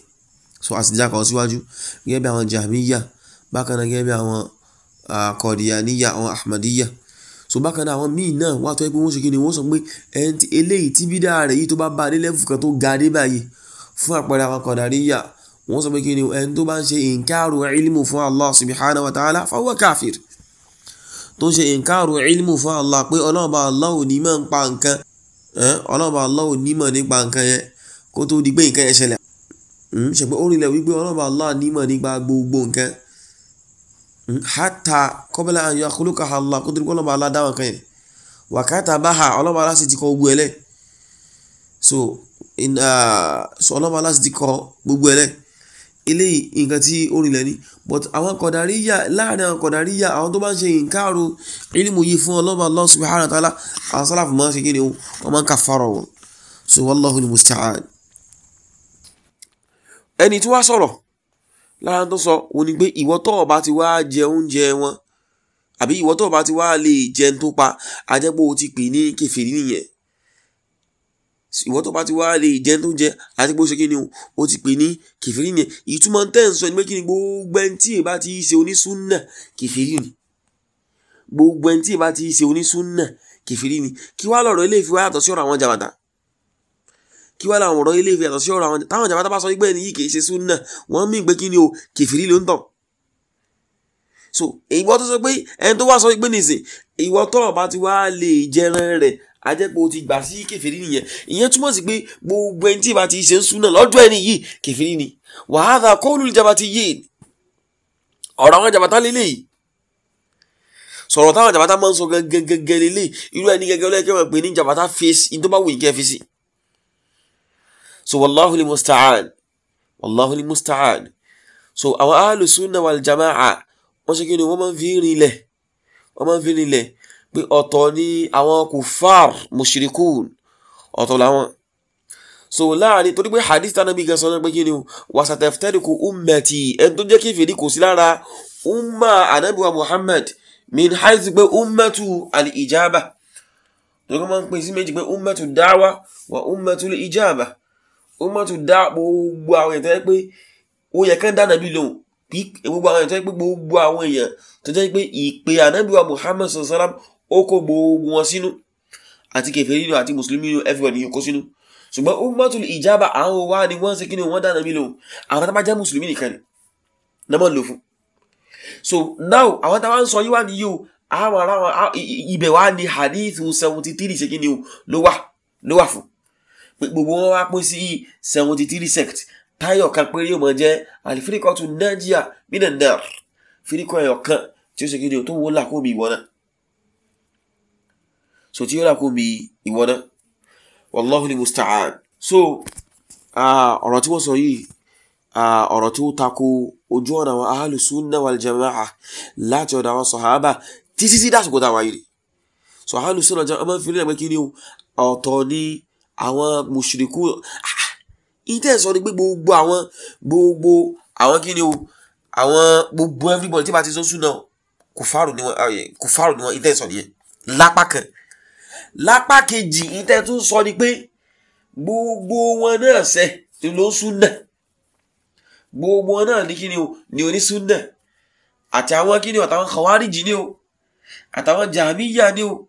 so àtijọ́ kan síwájú gẹ́gẹ́ bí àwọn jahmiya bákan náà gẹ́gẹ́ bí àwọn kọ̀dìyàníyà àwọn ahmadiyya so bákan náà àwọn míì náà wà tó yẹ pé wọ́n ṣe kí ni wọ́n sọ pé eléyìí tí bídà rẹ̀ yìí tó bá bá a dé lẹ́fù kan tó ga dé báyìí fún àpẹẹrẹ àwọn kọ̀dàríyà wọ́n sọ pé kí ni ẹni tó bá ń ṣe ìǹkaàrù ilmu fún Allah subhanahu wa ta'ala fahuwa kafir tó ń ṣe ìǹkaàrù ilmu fún Allah pé ọlọ́ọ̀bà Allah ò ní mọ̀ nípa nǹkan ọlọ́ọ̀bà Allah ò ní mọ̀ nípa nǹkan yẹn kó tó di pé nǹkan yẹn ṣẹlẹ̀ hmm, ṣùgbọ́n ó rinlẹ̀ wípé ọlọ́ọ̀bà Allah ní mọ̀ nípa gbogbo nǹkan hmm, hata qabla an yakhluqaha Allah kó tó di pé ọlọ́ọ̀bà Allah dáwọn kan yẹn wàkátà báhà ọlọ́ọ̀bà Allah sì ti kọ gbogbo ẹlẹ́ so Uh, sọlọ́mọ aláṣetì kọ gbogbo ẹ̀ lẹ̀ eléyìí nǹkan tí ó rìnlẹ̀ ni but àwọn kọ̀dáríyà láàrin àwọn kọ̀dáríyà àwọn tó bá ń ṣe ìǹkaàrò ìlímù yìí fún ọlọ́mọ Allah subhanahu wa ta'ala àwọn sálàfù máa ń ṣe kíni o wọ́n máa ń ka fọ́rọ̀ wọn so wallahu al-musta'an. ẹni tí wàá sọ̀rọ̀ lára tó sọ òun ni pé ìwọ tó o bá ti wá jẹ oúnjẹ wọn àbí ìwọ tó o bá ti wá lè jẹun tó pa àjẹpọ̀ o ti pè ní kèfèrí nìyẹn ìwọ́n tó bá ti wá lè jẹ́ tó ń jẹ àti pé ṣe kí ni o ti pè ní kẹfìrí ni ìtumọ̀ tẹ́ sọ ni pé kí ni gbogbo ẹni tí èèbá ti ṣe onísúnà kẹfìrí ni gbogbo ẹni tí èèbá ti ṣe onísúnà kẹfìrí ni kí wá lọ̀rọ̀ ilé ìfi yàtọ̀ sí ọ̀rọ̀ àwọn jàbàtà kí wá làwọn ilé ìfi yàtọ̀ sí ọ̀rọ̀ àwọn táwọn jàbàtà bá sọ pé ẹni yìí kì í ṣe súnà wọ́n mí pé kí ni o kẹfìrí ló ń tàn so ìwọ tó sọ pé ẹni tó wá sọ pé nìsín ìwọ tó bá ti wá lè jẹran rẹ̀ ajẹ́pọ̀ ti gbà sí kẹfìrí nìyẹn ìyẹn túmọ̀ sí pé gbogbo ẹni tí ìbá ti ṣe ń súnà lọ́dọ̀ ẹni yìí kẹfìrí ni wàhálà kọ́ọ̀lù ìjàmbá ti yé ọ̀rọ̀ àwọn jàmbá tá lélẹ̀ yìí sọ̀rọ̀ táwọn jàmbá tá máa ń sọ gẹ́gẹ́gẹ́ lélẹ̀ irú ẹni gẹ́gẹ́ ọlọ́ọ̀kẹ́ wọn pè ní jàmbá tá fèsì ní tó bá wù yín kẹ́ fèsì. so wàláhu musta'an wàláhu musta'an so àwọn pé ọ̀tọ̀ ni àwọn kùfàr mushrikun ọ̀tọ̀ làwọn so láàrin torí pé hadith tanabi gan sọ́nà pé kí ni wasatefteriku ummeti ẹni tó jẹ́ kí fèrè kò sí lára umma anabiwa muhammad min haiz pé ummetu al-ijaba torí wọ́n pín sí méjì pé ummetu dáwà wa ummetu al-ijaba ummetu dá gbogbo àwọn èèyàn tó yẹ pé ó yẹ kán dáná bí lòun gbogbo àwọn èèyàn tó yẹ pé gbogbo àwọn èèyàn tó jẹ́ pé ìpè anabiwa muhammad sallam ó kó gbogbo wọn sínú àti kèfèrí nínú àti mùsùlùmí nínú everybody yóò kó sínú ṣùgbọ́n ummatul ijaba àwọn wa ni wọ́n ń ṣe kí ni wọ́n dáná mi lò àwọn tá bá jẹ́ mùsùlùmí nìkan ni náà mọ̀ lò fún so now àwọn tá bá ń sọ yí wà níyì o àwọn ará wọn ibẹ̀ wà ní hadith seventy three ṣe kí ni o ló wà ló wà fún gbogbo wọn wá pín sí seventy three sect táyọ̀ kan péré mọ̀ jẹ́ àlìfíríkọ́ tún nájíà mí nà náà fíríkọ́ ẹ̀yọ̀ kan tí ó ṣe kí ni o tó wọ́n là kó mi ìwọ náà so tí yóò dà kó mi ìwọ náà wallahu ni musta'an so ọ̀rọ̀ tí wọ́n sọ yìí ọ̀rọ̀ tí ó tako ojú ọ̀nà àwọn ahlu sunna wal jama'a láti ọ̀dọ̀ àwọn sọ̀hábà títí sí dásìkò táwọn ayé rẹ̀ so ahlu sunna jama'a máa ń fi rí kí ni ọ̀tọ̀ ni àwọn mushriku ah, ìtẹ́ sọ ni pé gbogbo àwọn gbogbo àwọn kí ni o àwọn gbogbo everybody tí bá ti sọ sunna kò fárò ni wọn ìtẹ́ sọ nìyẹn lápá kan lápá kejì ìtẹ́ tún sọ ni pé gbogbo wọn náà ṣe ló ń súnà gbogbo wọn náà ní kíni o ní onísúnà àti àwọn kíni o àtàwọn kọ̀wárìjì ni o àtàwọn jàmíyà ni o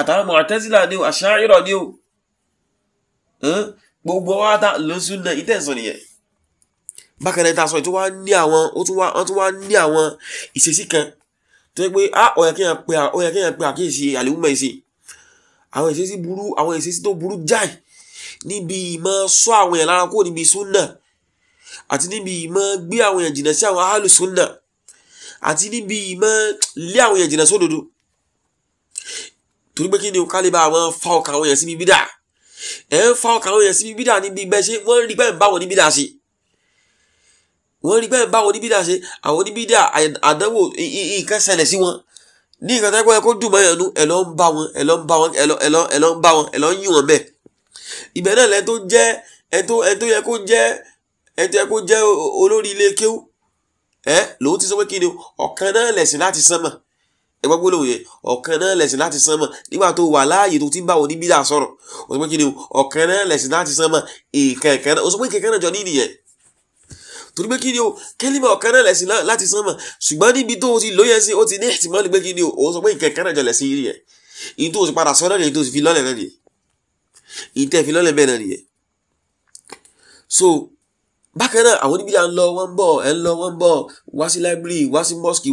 àtàwọn mọ̀tẹ́sílà ni o àṣàyẹ̀rọ̀ ni o gbogbo wa ta ló ń súnà ìtẹ́ sọ nìyẹn bákan náà ta sọ ìtúwá ní àwọn ó tún wá ní àwọn ìṣesí kan tó yẹ pé ah, ó yẹ kéèyàn pe àkíyèsí àlèwúmọ̀ ìṣe àwọn ìṣesí burú àwọn ìṣesí tó burú jáì níbi ìmọ̀ sọ àwọn èèyàn lára kó níbi súnà àti níbi ìmọ̀ gbé àwọn èèyàn jìnnà sí àwọn áhàlù súnà àti níbi ìmọ̀ lé àwọn èèyàn jìnnà sódodo torí pé kí ni o ká lè bá àwọn fa ọkàn àwọn èèyàn síbi bídà ẹ̀ ń fa ọkàn àwọn èèyàn síbi bídà níbi bẹ́ẹ̀ ṣe wọ́n rí bẹ́ẹ̀ ń bá wọn ní bídà ṣe wọ́n rí bẹ́ẹ̀ ń bá wọn ní bídà ṣe àwọn ní bídà àdánwò ìkẹsẹ̀lẹ̀ sí wọn ní nǹkan tó yẹ kó yẹ kó dùn mọ́ yẹn nú ẹ̀ lọ́ ń bá wọn ẹ̀ lọ́ ń bá wọn ẹ̀ lọ́ ẹ̀ lọ́ ń bá wọn ẹ̀ lọ́ ń yìn wọn bẹ́ẹ̀ ibẹ̀ náà lẹ́ tó jẹ́ ẹ̀ tó ẹ̀ tó yẹ kó jẹ́ ẹ̀ tó yẹ kó jẹ́ olórí ilé kéwú ẹ̀ lòun ti sọ pé kí ni ọ̀kan náà lẹ̀sìn láti sánmọ̀ ẹ gbọ́ gbólóhùn yẹn ọ̀kan náà lẹ̀sìn láti sánmọ̀ nígbà tó wà láàyè tó ti ń bá wọn ní bídà sọ̀rọ̀ ó pé kí ni ọ̀kan náà lẹ̀sìn láti sánmọ̀ ìkẹ̀kẹ́ náà ó pé kẹ̀kẹ́ náà jọ ní nìyẹn torí pé kí ni o kẹ́límà ọ̀kan náà lẹ̀sìn láti sánmà ṣùgbọ́n níbi tó o ti lóye sí o ti ní ìtìmọ́lì pé kí ni o o sọ pé ìkẹ̀kẹ́ náà jọ lẹ̀sìn yìí rẹ̀ ìyí tó o ti padà sọ náà nìyẹn tó o ti fi lọ́lẹ̀ náà nìyẹn ìyí tẹ́ fi lọ́lẹ̀ bẹ́ẹ̀ náà nìyẹn. so bákan náà àwọn oníbíyà ń lọ wọ́n ń bọ̀ ẹ̀ ń lọ wọ́n ń bọ̀ wá sí library wá sí mosque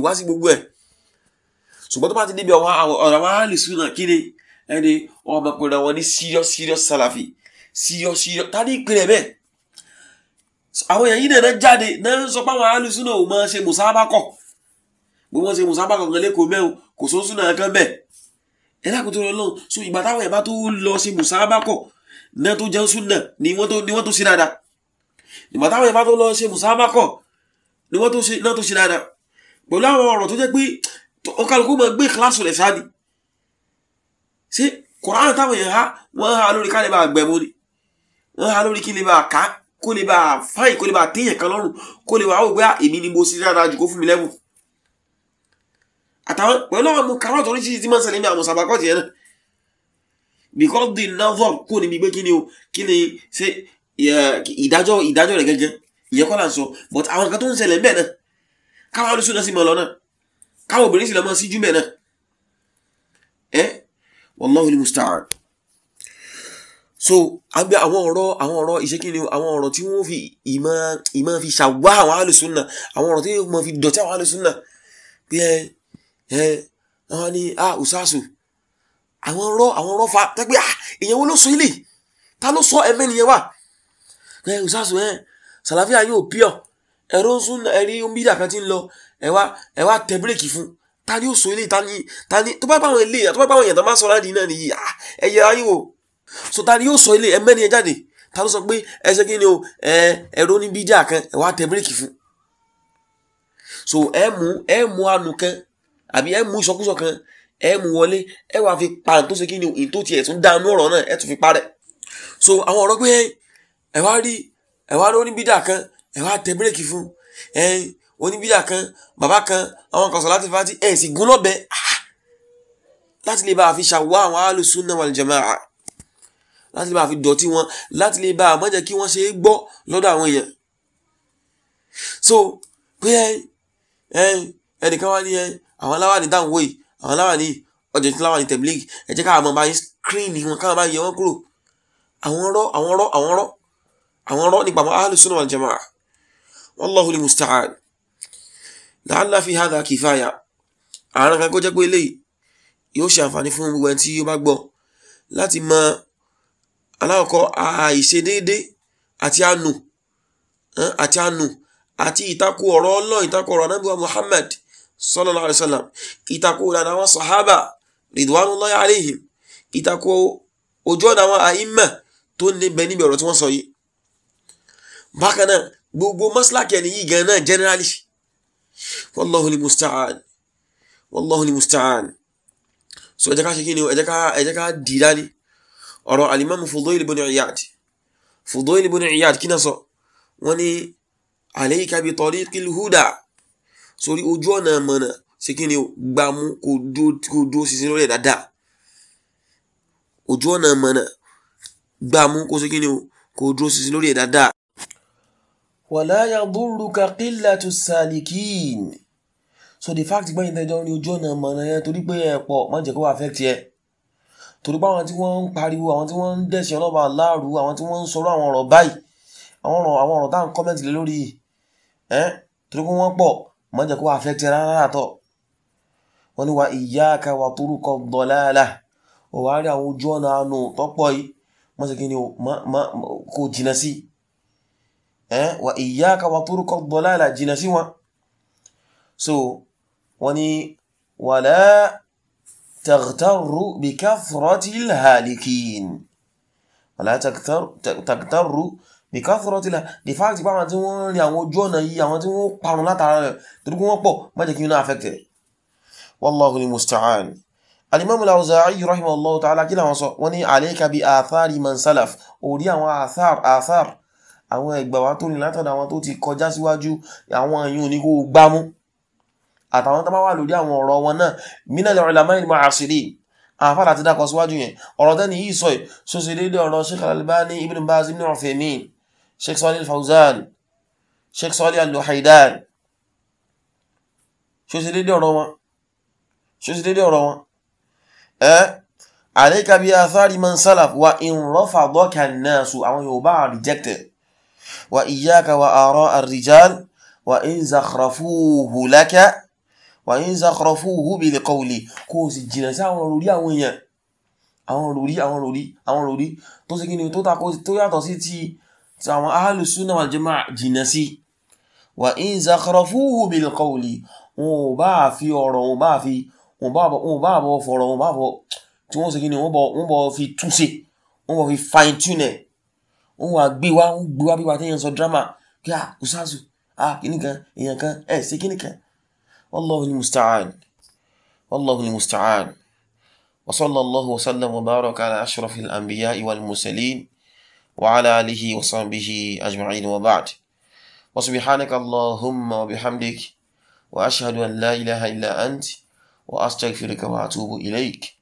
ni ẹni serious serious salafi serious serious tá a ní ìpínlẹ̀ bẹ́ẹ̀ àwọn èèyàn yìí náà jáde náà sọ pé àwọn alùsùn náà ò máa ṣe mùsábàkọ̀ bí wọ́n ṣe mùsábàkọ̀ kan lẹ́kọ̀ọ́ mẹ́rin kò sóńsùn náà kan bẹ́ẹ̀ ẹ lákòótó lọ lọ́hùn so ìgbà táwọn ẹ̀bá tó lọ ṣe mùsábàkọ̀ náà tó jẹun sùn náà ni wọ́n tó ṣe dáadáa ìgbà táwọn ẹ̀bá tó lọ ṣe mùsábàkọ̀ ni wọ́n náà tó ṣe dáadáa pẹ̀lú àwọn ọ̀rọ̀ tó jẹ́ pé ọkàlùkù máa gbé kíláàsì rẹ̀ ṣáàdì ṣé kòrán táwọn èèyàn há wọ́n kó lè bá a fáyì kó lè bá a téèyàn kan lọ́rùn kó lè bá a wò pé èmi ni mo ṣe dáadáa jù kó fún mi lẹ́bù. àtàwọn pẹ̀lú àwọn ọmọ kárọ̀tì oríṣiríṣi tí máa ń ṣẹlẹ̀ ní àwọn sàbàkọ́tì yẹn náà. because the nazar kò níbi pé kí ni o kí ni ṣe ìdájọ́ ìdájọ́ rẹ̀ gẹ́gẹ́ ìyẹn kọ́ là ń sọ but àwọn nǹkan tó ń ṣẹlẹ̀ bẹ́ẹ̀ náà káwọn olùsùn náà sì mọ̀ lọ náà káwọn obìnrin sì lọ́ mọ́ síjú bẹ́ẹ̀ náà. ẹ wallahu al-musta'an so àgbẹ̀ àwọn ọ̀rọ̀ àwọn ọ̀rọ̀ ìṣekíni àwọn ọ̀rọ̀ tí wọ́n fi ìmọ̀ ìmọ̀ fi ṣàwá àwọn alùsùnà àwọn ọ̀rọ̀ tí wọ́n fi dọ̀tí àwọn alùsùnà pé ẹ ẹ wọn ni a òṣàṣù àwọn ọ̀rọ̀ àwọn ọ̀rọ̀ fa tẹ́gbẹ́ à ah, èèyàn wo ló sọ ilé ta ló sọ ẹ̀mẹ́ nìyẹn wà ẹ òṣàṣù ẹ sàlàfíà yóò píọ̀ ẹ̀rọ sún ẹ̀rí omidan kan ti ń lọ ẹ wá ẹ wá tẹ bírèkì fún ta ni ó sọ ilé ta ni ta ni tó bá bá àwọn ilé tó bá bá àwọn so ta ni yóò sọ ilé ẹ mẹ́ni ẹ jáde ta ló sọ pé ẹ kí ni o ẹ ẹ̀rọ ní bídíà kan ẹ wá tẹ bíríkì fún so ẹ mú ẹ mú àánú kan àbí ẹ mú ìsọkúsọ kan ẹ mú wọlé ẹ wàá fi pa ní tó ṣe kí ni o ní tó tiẹ̀ tún dánú ọ̀rọ̀ náà ẹ tún fi parẹ́ so àwọn ọ̀rọ̀ pé ẹ wá rí ẹ wá rí oníbídà kan ẹ wá tẹ bíríkì fún ẹ oníbídà kan bàbá kan àwọn kan sọ láti fati ẹ sì gún lọ́bẹ ah! láti lè bá a fi ṣàwọ́ àwọn alùsùn náà wal jamaa láti lè bá fi dọ̀tí wọn láti lè bá àmọ́ jẹ́ kí wọ́n ṣe é gbọ́ lọ́dọ̀ àwọn èèyàn. so pé ẹ ẹnìkan wá ní ẹ àwọn aláwàní dáhùn wòye àwọn aláwàní ọ̀jọ̀ tí láwàní tẹ̀blígì ẹ jẹ́ káwọn bá yín skírìnì wọn káwọn bá yẹ wọn kúrò àwọn rọ àwọn rọ àwọn rọ àwọn rọ nípa àwọn ahlu sunnah wal jamaa'ah wallahu li musta'an la'alla fi hadha kifaya àárín kan kó jẹ́ pé eléyìí yóò ṣe àǹfààní fún gbogbo ẹni tí yóò bá gbọ́ láti mọ alákọ̀ọ́kọ́ àìṣedéédé àti ànù àti ànù àti ìtakò ọ̀rọ̀ ọlọ́run ìtakò ọ̀rọ̀ anábìwá Muhammad sallallahu alayhi wa sallam ìtakò ìlànà àwọn sahaba ridwanullahi alayhim ìtakò ojú ọ̀nà àwọn àìmọ̀ tó ń bẹ níbi ọ̀rọ̀ tí wọ́n sọ yìí bákan náà gbogbo mọ́sálàkì ẹni yìí gan náà generally wallahu li musta'an wallahu li musta'an so ẹ ká ṣe kí ni ẹ jẹ́ ká dì dání ọ̀rọ̀ alimami Fudayl ibn Iyad Fudayl ibn Iyad kí náà sọ wọ́n ní alayka bi tariqil huda sórí ojú ọ̀nà mọ̀nà ṣe kí ni gbàmú kò dúró ṣinṣin lórí ẹ̀ dáadáa ojú ọ̀nà mọ̀nà gbàmú kò ṣe kí ni kò dúró ṣinṣin lórí ẹ̀ dáadáa. wala yadurruka qillatu salikin so the fact gbẹ́yìn tẹ́jọ́ ní ojú ọ̀nà mọ̀nà yẹn torí pé ẹ̀ má jẹ́ kó affect yẹn torí pé àwọn tí wọ́n ń pariwo àwọn tí wọ́n ń dẹ̀sìn ọlọ́ba aláàrú àwọn tí wọ́n ń sọ̀rọ̀ àwọn ọ̀rọ̀ báyìí àwọn ọ̀rọ̀ àwọn ọ̀rọ̀ tá à ń kọ́mẹ́ǹtì lé lórí ẹ́ torí pé wọ́n pọ̀ má jẹ́ kó àfẹ́tì rárá tọ̀ wọ́n ní wa iyyaka wa turuqad dalalah ò wá rí àwọn ojú ọ̀nà àánú tọ́pọ̀ yìí má ṣe kí ni kò jìnà sí ẹ́ wa iyyaka wa turuqad dalalah jìnà sí wọn so wọ́n ní wàlẹ́ تغتر بكثرة الهالكين ولا تغتر تغتر بكثرة الهالكين the fact pé àwọn tí wọ́n rí àwọn ojú ọ̀nà yìí àwọn tí wọ́n parun látara rẹ̀ torí pé wọ́n pọ̀ má jẹ́ kí iná affect ẹ̀ wallahu li musta'an alimami al-Awza'i rahimahullahu ta'ala kí làwọn sọ wọ́n ní alayka bi athari man salaf orí àwọn athar athar àwọn ẹgbàá wa tó ní látọ̀dọ̀ àwọn tó ti kọjá síwájú àwọn èèyàn ò ní kó gbámú àtàwọn tó bá wà lórí àwọn ọ̀rọ̀ wọn náà minal ulama al-mu'asirin àfàdà àti dákọ̀ síwájú yẹn ọ̀rọ̀ tẹ́ni yìí sọ yìí so ṣe déédé ọ̀rọ̀ Sheikh al-Albani Ibn Baz Ibn Uthaymeen Sheikh Salih al-Fawzan Sheikh Salih al-Luhaydan so ṣe déédé ọ̀rọ̀ wọn so ṣe déédé ọ̀rọ̀ wọn wa in zakhrafuhu laka wà ní zakorofú húbi lè kọ òlè kó o sì jìnà sí àwọn òròrí àwọn èèyàn àwọn òròrí àwọn òròrí àwọn òròrí tó ṣe kíni tó takò tó yàtọ̀ sí ti àwọn ahlu sunna wal jamaa jìnà sí wà ní zakorofú húbi lè kọ òlè wọn ò bá fi ọ̀rọ̀ wọn bá fi wọn bá bọ̀ fọ̀rọ̀ wọn bá bọ̀ tí wọ́n ṣe kíni wọ́n bọ̀ fi túnṣe wọ́n bọ̀ fi fine tune ẹ̀ wọ́n wà gbé wá wọ́n gbé wá bí wà tẹ́yìn sọ drama kí a kò sáàsù a kìnnìkan èèyàn kan ẹ̀ ṣe kìnnìkan والله المستعان والله المستعان وصلى الله وسلم وبارك على أشرف الأنبياء والمرسلين وعلى آله وصحبه أجمعين وبعد وسبحانك اللهم وبحمدك وأشهد أن لا إله إلا أنت وأستغفرك وأتوب إليك